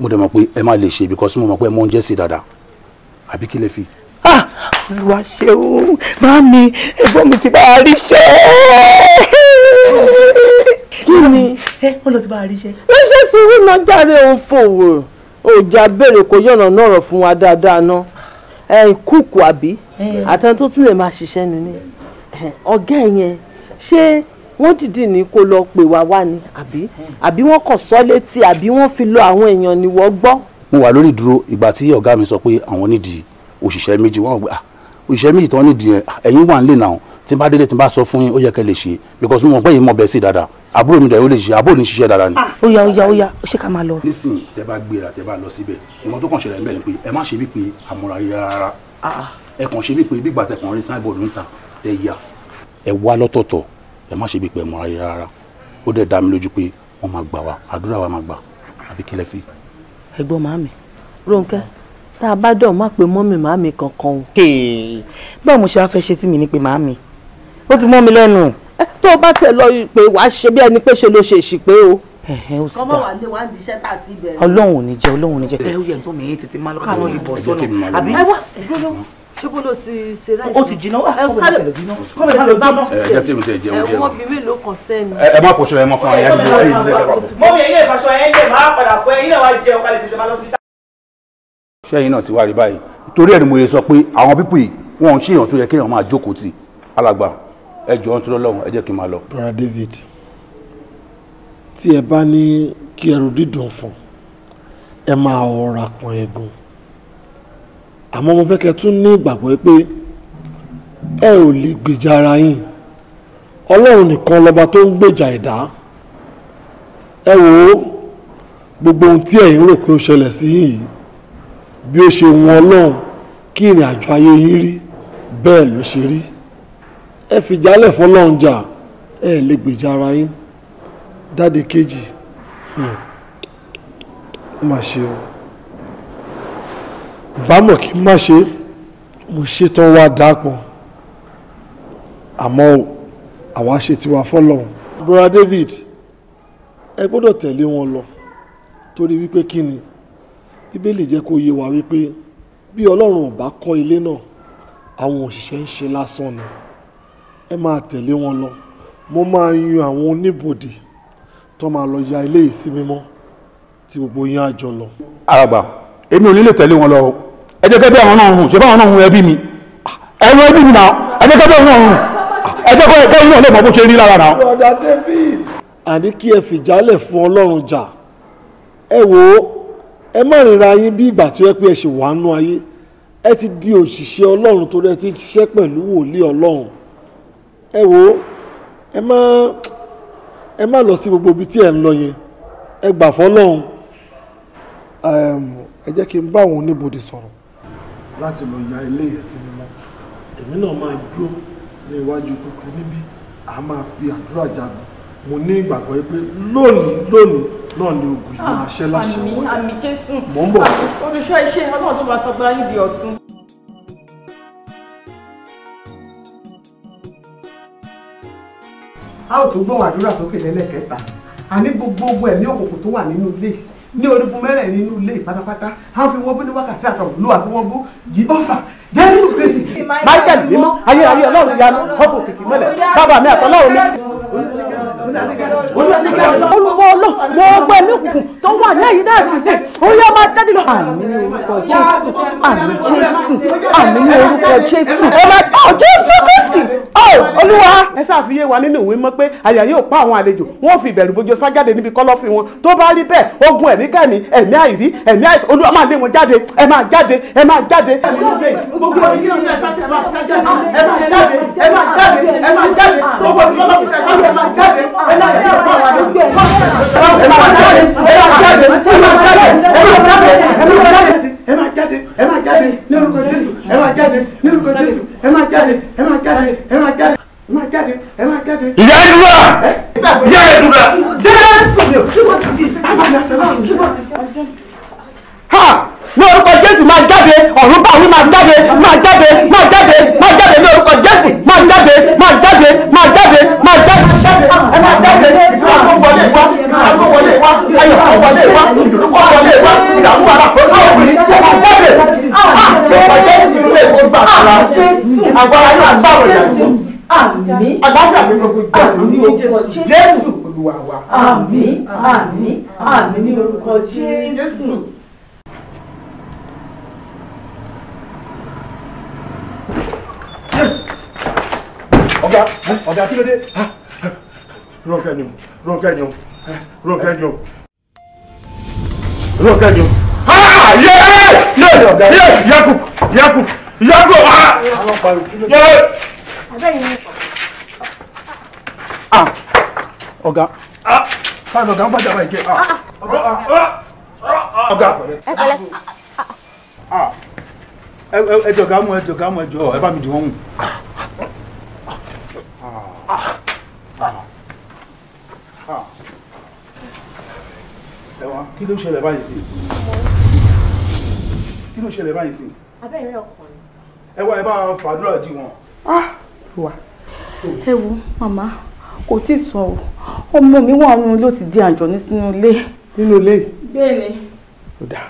mo dẹ̀ mọ̀ pé ẹ má lè ṣe because mo mọ̀ pé ẹ mọ̀ oúnjẹ sí dáadáa àbí kí lè fi. Ah, olúwa ṣeun máa mi ẹ̀gbọ́n mi ti bá a rí ṣe. kí ni ẹ wọ́n lọ ti bá a rí ṣe. wọ́n ṣe sùúrù náà dáre òun fòwò òjà béèrè kò yọ̀nà náà rọ̀ fún wa dáadáa ná kúùkù àbí àtẹnudó tún lè máa ṣiṣẹ́ nínú ọ̀gá yẹn ṣé wọ́n dìdì ní kó lọ pè wá wá ni àbí àbí wọ́n kàn sọ létí àbí wọ́n fi lọ àwọn èèyàn ni wọ́n gbọ́. mo wà lórí ìdúró ìgbà tí ọ̀gá mi sọ pé àwọn nídìí òṣìṣẹ́ méjì wọ́n gbé ah, òṣìṣẹ́ méjì tí wọ́n nídìí yẹn ah, ẹ̀yin wà ń lè nà tí bá délé tí bá sọ fún yín ó yẹ kẹ́ lè ṣe because mo mọ̀ pé yín mọ̀ bẹ́ẹ̀ sí dáadáa àbúrò mi dẹ̀ ó lè ṣe àbúrò ní ṣiṣẹ́ dáadáa ni. Ah, ó yá Oya yá ó yá ó ṣe ká máa lọ. nísìnyí tẹ bá gbéra tẹ bá lọ síbẹ̀ ìwọ́n tó kàn ṣẹlẹ̀ ńbẹ̀ ni pé ẹ má ṣe bí pé àmúra yára rárá ẹ kàn ṣe bí pé bí gbàtẹ̀kùnrin sáìbọ̀dù ń ta tẹ ya ẹ wá lọ́tọ̀ọ̀tọ̀ ẹ má ṣe bí pẹ̀ mọ́ ayé rárá ó dẹ̀ dá mi lójú pé wọ́n máa gbà wá àdúrà wa máa gbà àbí kílẹ̀ sí. ẹ̀gbọ́n màmí Rónkẹ́ tá a bá dọ̀ má pe mọ́mì màmí kankan o. báwo mo ṣe wáá fẹ́ ṣe tí mi ní pe màmí ó ti mọ́ mi lẹ́nu. tó o bá tẹ̀ lọ pé wàá ṣe bí ẹni pé ṣe ló ṣe ìṣìpé o kọ́mọ wà lé wà ń di iṣẹ́ tá a ti bẹ̀rẹ̀. ọlọ́run ò ní jẹ́ ọlọ́run ò ní jẹ́. ẹ ó yẹ tó mi yín tètè máa lọ káwọn ìbọ̀ sọ́nà àbí. ẹ wá ẹ gbọ́dọ̀ ṣébó ló ti ṣe ráìsì. ó ti jiná wá kọ́mọ̀ náà tẹ̀lé jiná kọ́mọ̀ náà ló bá mọ́. ẹ jẹ́ kí èmi tẹ jẹun jẹun. ọmọ mi mélòó kan sẹ́ni. ẹ má fọṣọ ẹ mọ fún ẹyẹ nílò ẹyẹ nílò ẹyẹ. mọ́mí ilé ìfọṣọ ẹ ń jẹ máa padà fọ ẹyin náà wá jẹ ọ̀ka lè fi jọba lọ́sibítà. sẹ́yìn náà ti wá rí báyìí torí ẹ̀ ni mo yẹ sọ pé àwọn pípì wọn ń ṣèyàn tó yẹ kéèyàn máa jókòó tì alàgbà ẹ jọ ohun tó lọ́lọ́run ẹ jẹ́ kí n máa lọ. brother David tí ẹ bá ní kí ẹrù dídùn fún ẹ máa ọ̀rà pọ̀n ẹ̀gùn àmọ́ mo fẹ́ kẹ́ tún ní ìgbàgbọ́ pé ẹ ò lè gbèjà ara yín ọlọ́run nìkan lọ́ba tó ń gbèjà ẹ̀dá ẹ wò ó gbogbo ohun tí ẹ̀yin rò pé ó ṣẹlẹ̀ sí yìí bí ó ṣe wọn ọlọ́run kí ìrìn àjò ayé yín rí bẹ́ẹ̀ ló ṣe rí ẹ fìjálẹ̀ fọlọ́run jà ẹ lè gbèjà ara yín dáde kejì hmm, mà ṣe o bámọ̀ kí n má ṣe mo ṣetán wá dápọ̀ àmọ́ àwa ṣe tiwa fọ́lọ́hún. brother David ẹ gbọ́dọ̀ tẹ̀lé wọn lọ torí wípé kí ni bíbélì jẹ́ kó yé wa wípé bí ọlọ́run ò bá kọ́ ilé náà àwọn òṣìṣẹ́ ń ṣe lásán ni ẹ máa tẹ̀lé wọn lọ mo máa yan àwọn oníbòde tó máa lọ ya ilé yìí sí tí gbogbo yín á lọ. àràgbà èmi ò ní tẹ̀lé wọn lọ ẹjẹ́ kẹ́ bí àwọn náà hùn ṣe báwọn náà hùn ẹbí mi ah, ẹ̀rọ ẹbí mi náà ẹjẹ́ kẹ́ bí àwọn náà hùn ah, ẹjẹ́ kọ́ ẹ̀kọ́ yìí náà lè mọ bó ṣe rí lára náà. ọ̀dà David àní kí ẹ fìjálẹ̀ fún Ọlọ́run jà ẹ wò ó ẹ má ríra yín bí ìgbà tó yẹ pé ẹ ṣì wà nú ayé ẹ ti di òṣìṣẹ́ Ọlọ́run tó rẹ ti ṣiṣẹ́ pẹ̀lú wòlíì Ọlọ́run ẹ wò ẹ má lọ sí gbogbo ibi tí ẹ ń lọ yẹn ẹ gbà fọlọ́run ẹ jẹ́ kí n bá àwọn oníbodè sọ̀rọ̀ láti lọ ya ilé yẹn sinimá èmi náà máa dúró ní iwájú pẹpẹ níbí a máa fi àdúrà jagun mo ní ìgbàgbọ́ pé lónìí lónìí náà ni ogun yìí máa ṣẹ́ láṣẹ ah, wọn àmì jésù mò ń bọ̀ ah, olùṣọ́ iṣẹ́ ọlọ́run tó bá sọ pé di ọ̀tún. a ó tún gbóhùn àdúrà sókè lẹ́lẹ́kẹta a ní gbogbo ẹ̀mí òkùnkùn tó wà nínú ilé yìí ní orígun mẹ́rẹ̀ẹ̀rin nínú ilé pátápátá á fi wọ́n bú ní wákàtí àtàwọn olúwa kí wọ́n bú jí ọ̀fà jésù kristi májèlé mímọ́ ayérayé ọlọ́run ìyanu ọ̀pọ̀ òkìkí mẹ́lẹ̀ bàbá mi àtọ́lọ́run mi olùwọ́ ọlọ́ gbogbo ẹ̀mí òkùnkùn tó wà lẹ́yìn náà ti dé oyè ọmọ jáde lọ. àmì ní orúkọ jésù àmì jésù àmì ní orúkọ jésù ọmọ jésù kristi olúwa. ẹ ṣàfiyé wa nínú ìwé mọ́ pé àyà yóò pa àwọn àlejò wọ́n fi ìbẹ̀rù bójú sájáde níbi kọ́lọ́fín wọn tó bá rí bẹ́ẹ̀ ogun ẹ̀mí kẹ́mi ẹ̀mí àìrí ẹ̀mí àìsàn olúwa máa lé wọn jáde ẹ máa ẹ máa jáde ẹ máa jáde lórúkọ Jésù ẹ máa jáde lórúkọ Jésù ẹ máa jáde ẹ máa jáde ẹ máa jáde ẹ máa jáde ẹ máa jáde. ìyá ìdúrà ìyá ìdúrà. Jésù ni o. ha ní orúkọ jésù máa jáde ọ̀run bá mi máa jáde máa jáde máa jáde máa jáde ní orúkọ jésù máa jáde máa jáde máa jáde máa jáde. ẹ máa jáde ìsìnkú àkókòwọlé wa àkókòwọlé wa ayọ̀ àkókòwọlé wa ìdúrókòwọlé wa ìdààmú ara olóògùn ṣe máa jáde. orúkọ jésù ilé ìwọ gbà àgbára àgbára yóò gbàrò jésù. àgbájá mi gbogbo jésù ní orúkọ jésù olúwa wa. àmín àmín àmín ní orúkọ jésù. ọ̀gá ọ̀gá kí ló dé ah, ah. Rónkẹ́ ni o Rónkẹ́ ni o eh, Rónkẹ́ ni o ah, yé yé yé yaku yaku yaku ah ọ̀gá fáwọn ọ̀gá ń bá jàmbá ìké ọ̀gá. ẹ jọ̀gá mú ẹ jọ̀gá mú ẹ jọ̀ ẹ bá mi dì wọ́n mú. Ah, ah. Ah. ẹ̀wọ̀n kí ló ṣẹlẹ̀ báyìí sí kí ló ṣẹlẹ̀ báyìí sí. abẹ́rẹ́ ọkùnrin. ẹ wá ẹ bá fàdúrà jí wọn. wà oh. ẹ wo màmá kò tí ì o ọmọ mi wà nínú ilé ó ti di àjọ nínú ilé. nínú ilé yìí. bẹ́ẹ̀ ni. O da,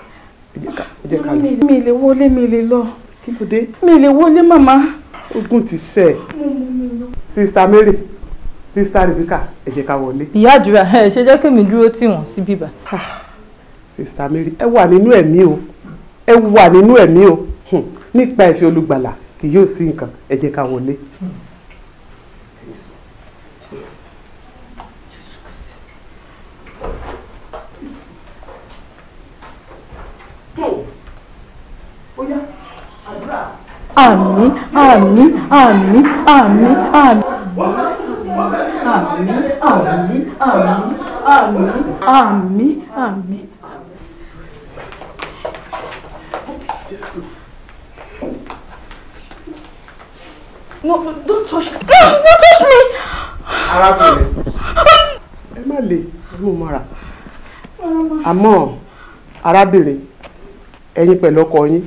ẹ jẹ́ ká ẹ jẹ́ ká lọ. mi lè wọlé mi lè lọ. kí ló dé. mi lè wọlé màmá. ogun ti sẹ́ẹ̀. mo mọ Sister Mary sister Rebecca ẹ jẹ́ ká wọlé. ìyá àdúrà ẹ ṣe jẹ́ kí mi dúró tì wọ́n sí bíbá. sista Mary ẹ wà nínú ẹ̀mí o ẹ wà nínú ẹ̀mí o nípa ìfẹ́ olùgbàlà kì yóò sí nǹkan ẹ jẹ́ ká wọlé. Hmm. Ami, ami, ami, ami, ami. Àmín Ami, ami, ami, ami, ami, No, no, don't touch me. Don't, touch me. Arábìnrin. Ẹ má le, mo mara. Àmọ́ arábìnrin, ẹ̀yin pẹ̀lú ọkọ yín,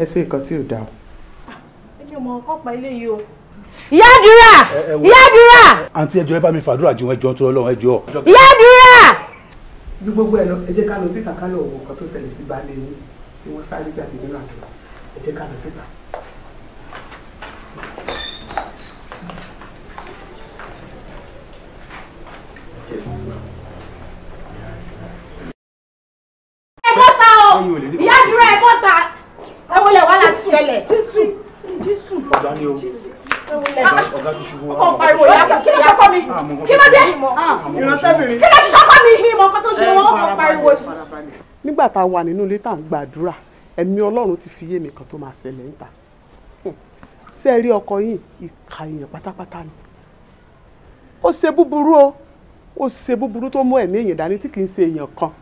ẹ ṣe nǹkan tí ò kí ọmọ ọkọ pa ilé yìí o. ìyá àdúrà ìyá àdúrà. àǹtí ẹjọ ẹ bá mi fàdúrà jù wọn ẹjọ tó lọ́wọ́ ẹjọ. ìyá àdúrà. ju gbogbo ẹ lọ ẹ jẹ́ ká lọ síta ká lọ wo nǹkan tó ṣẹlẹ̀ sí baálé yín tí wọ́n sáré jáde nínú àdúrà ẹ jẹ́ ká lọ síta. ẹ bọ́ta o ìyá àdúrà ẹ bọ́ta ẹ wọlé wàhálà ṣẹlẹ̀ jésù ọ̀gá ni o ọ̀gá ti ṣubú wa. ọkọ pariwo yàtọ̀ kí ló ṣọkọ mi ah, kí ló dé ah, ìránṣẹ́bìnrin kí ló ti ṣọkọ mi ìmọ̀ kan tó ṣe wọ́n ọkọ pariwo. nígbà tá a wà nínú ilé tá à ń gbàdúrà ẹ̀mí ọlọ́run ti fi yé mi kan tó máa ṣẹlẹ̀ níta ṣé ẹ rí ọkọ yìí ìka èèyàn pátápátá ni ó ṣe búburú o ó ṣe búburú tó mú ẹ̀mí èèyàn dání tí kì í ṣe èèyàn kan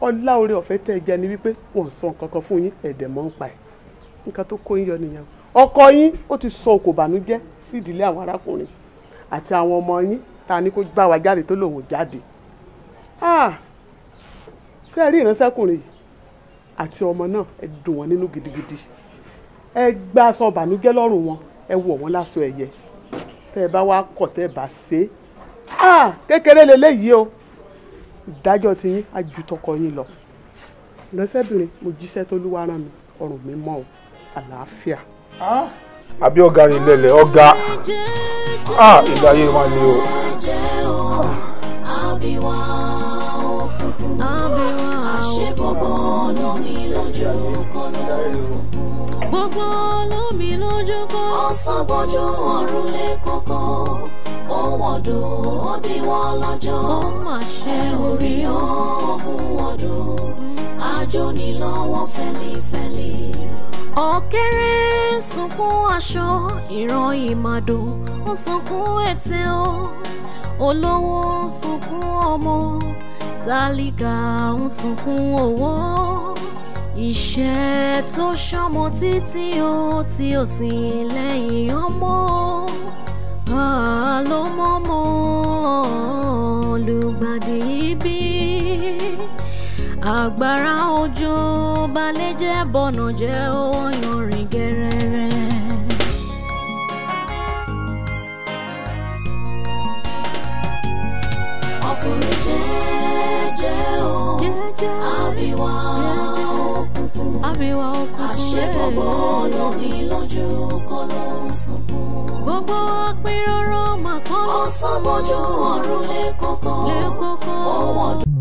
ọlá orí ọ̀fẹ́ tẹ́ ẹ jẹ ni wípé wọ́n sọ nǹkan fún yín ẹ̀dẹ̀ mọ́ ń pa ẹ̀ nǹkan tó kó yín yọ ọkọ yín ó ti sọ òkò bànújẹ́ sí ìdílé àwọn arákùnrin àti àwọn ọmọ yín ta ni kó gbà wá jáde tó lòun jáde ah! ṣé ẹ rí ìránṣẹ́kùnrin yìí àti ọmọ náà ẹ dùn wọ́n nínú gidigidi ẹ gbà aṣọ bànújẹ́ lọ́rùn wọn ẹ wọ̀ wọ́n láṣọ ẹ̀yẹ tẹ́ ẹ bá wá kọ̀ tẹ́ ẹ bá ṣe é ah! kékeré lélẹ́yìí o ìdájọ́ ti yín á ju tọkọ yín lọ ìránṣẹ́bìnrin mo jíṣẹ́ tó lúwa rán mi ọrùn mi mọ́ o àlàáfíà. Ah. àbí ọ̀gá rìn lẹ̀lẹ̀ ọ̀gá ah, ìgbà ayé máa le o. Gbogbo olómi lójú kan Ọ̀sán bójú ọ̀run lé kókó owó ọdún òdiwọ̀n lọ́jọ́ ẹ orí ọ̀gùn ọdún àjò nílọ́wọ́ fẹ́lifẹ́li ọ̀kẹ́rẹ́ ń sunkún aṣọ ìran ìmàdò ń sunkún ètè o olówó ń sunkún ọmọ tálíkà ń sunkún owó ìṣẹ́ tó ṣọmọ títí o tí o sì lẹ́yìn ọmọ ló olùgbàdì ibi agbára òjò balẹ̀ jẹ́ bọ̀nà jẹ́ owó yanrìn gẹ́rẹ́rẹ́. ọkùnrin jẹ́jẹ́ o àbíwá òkùnkùn àṣẹ gbogbo olórin lójú kọ́ ló ń sunkún. gbogbo apẹ̀rọ̀rọ̀ màkàn ló ń ọ̀sán mọ́jú ọ̀run lẹ́kọ̀ọ́kọ́ ó wọ̀dọ̀.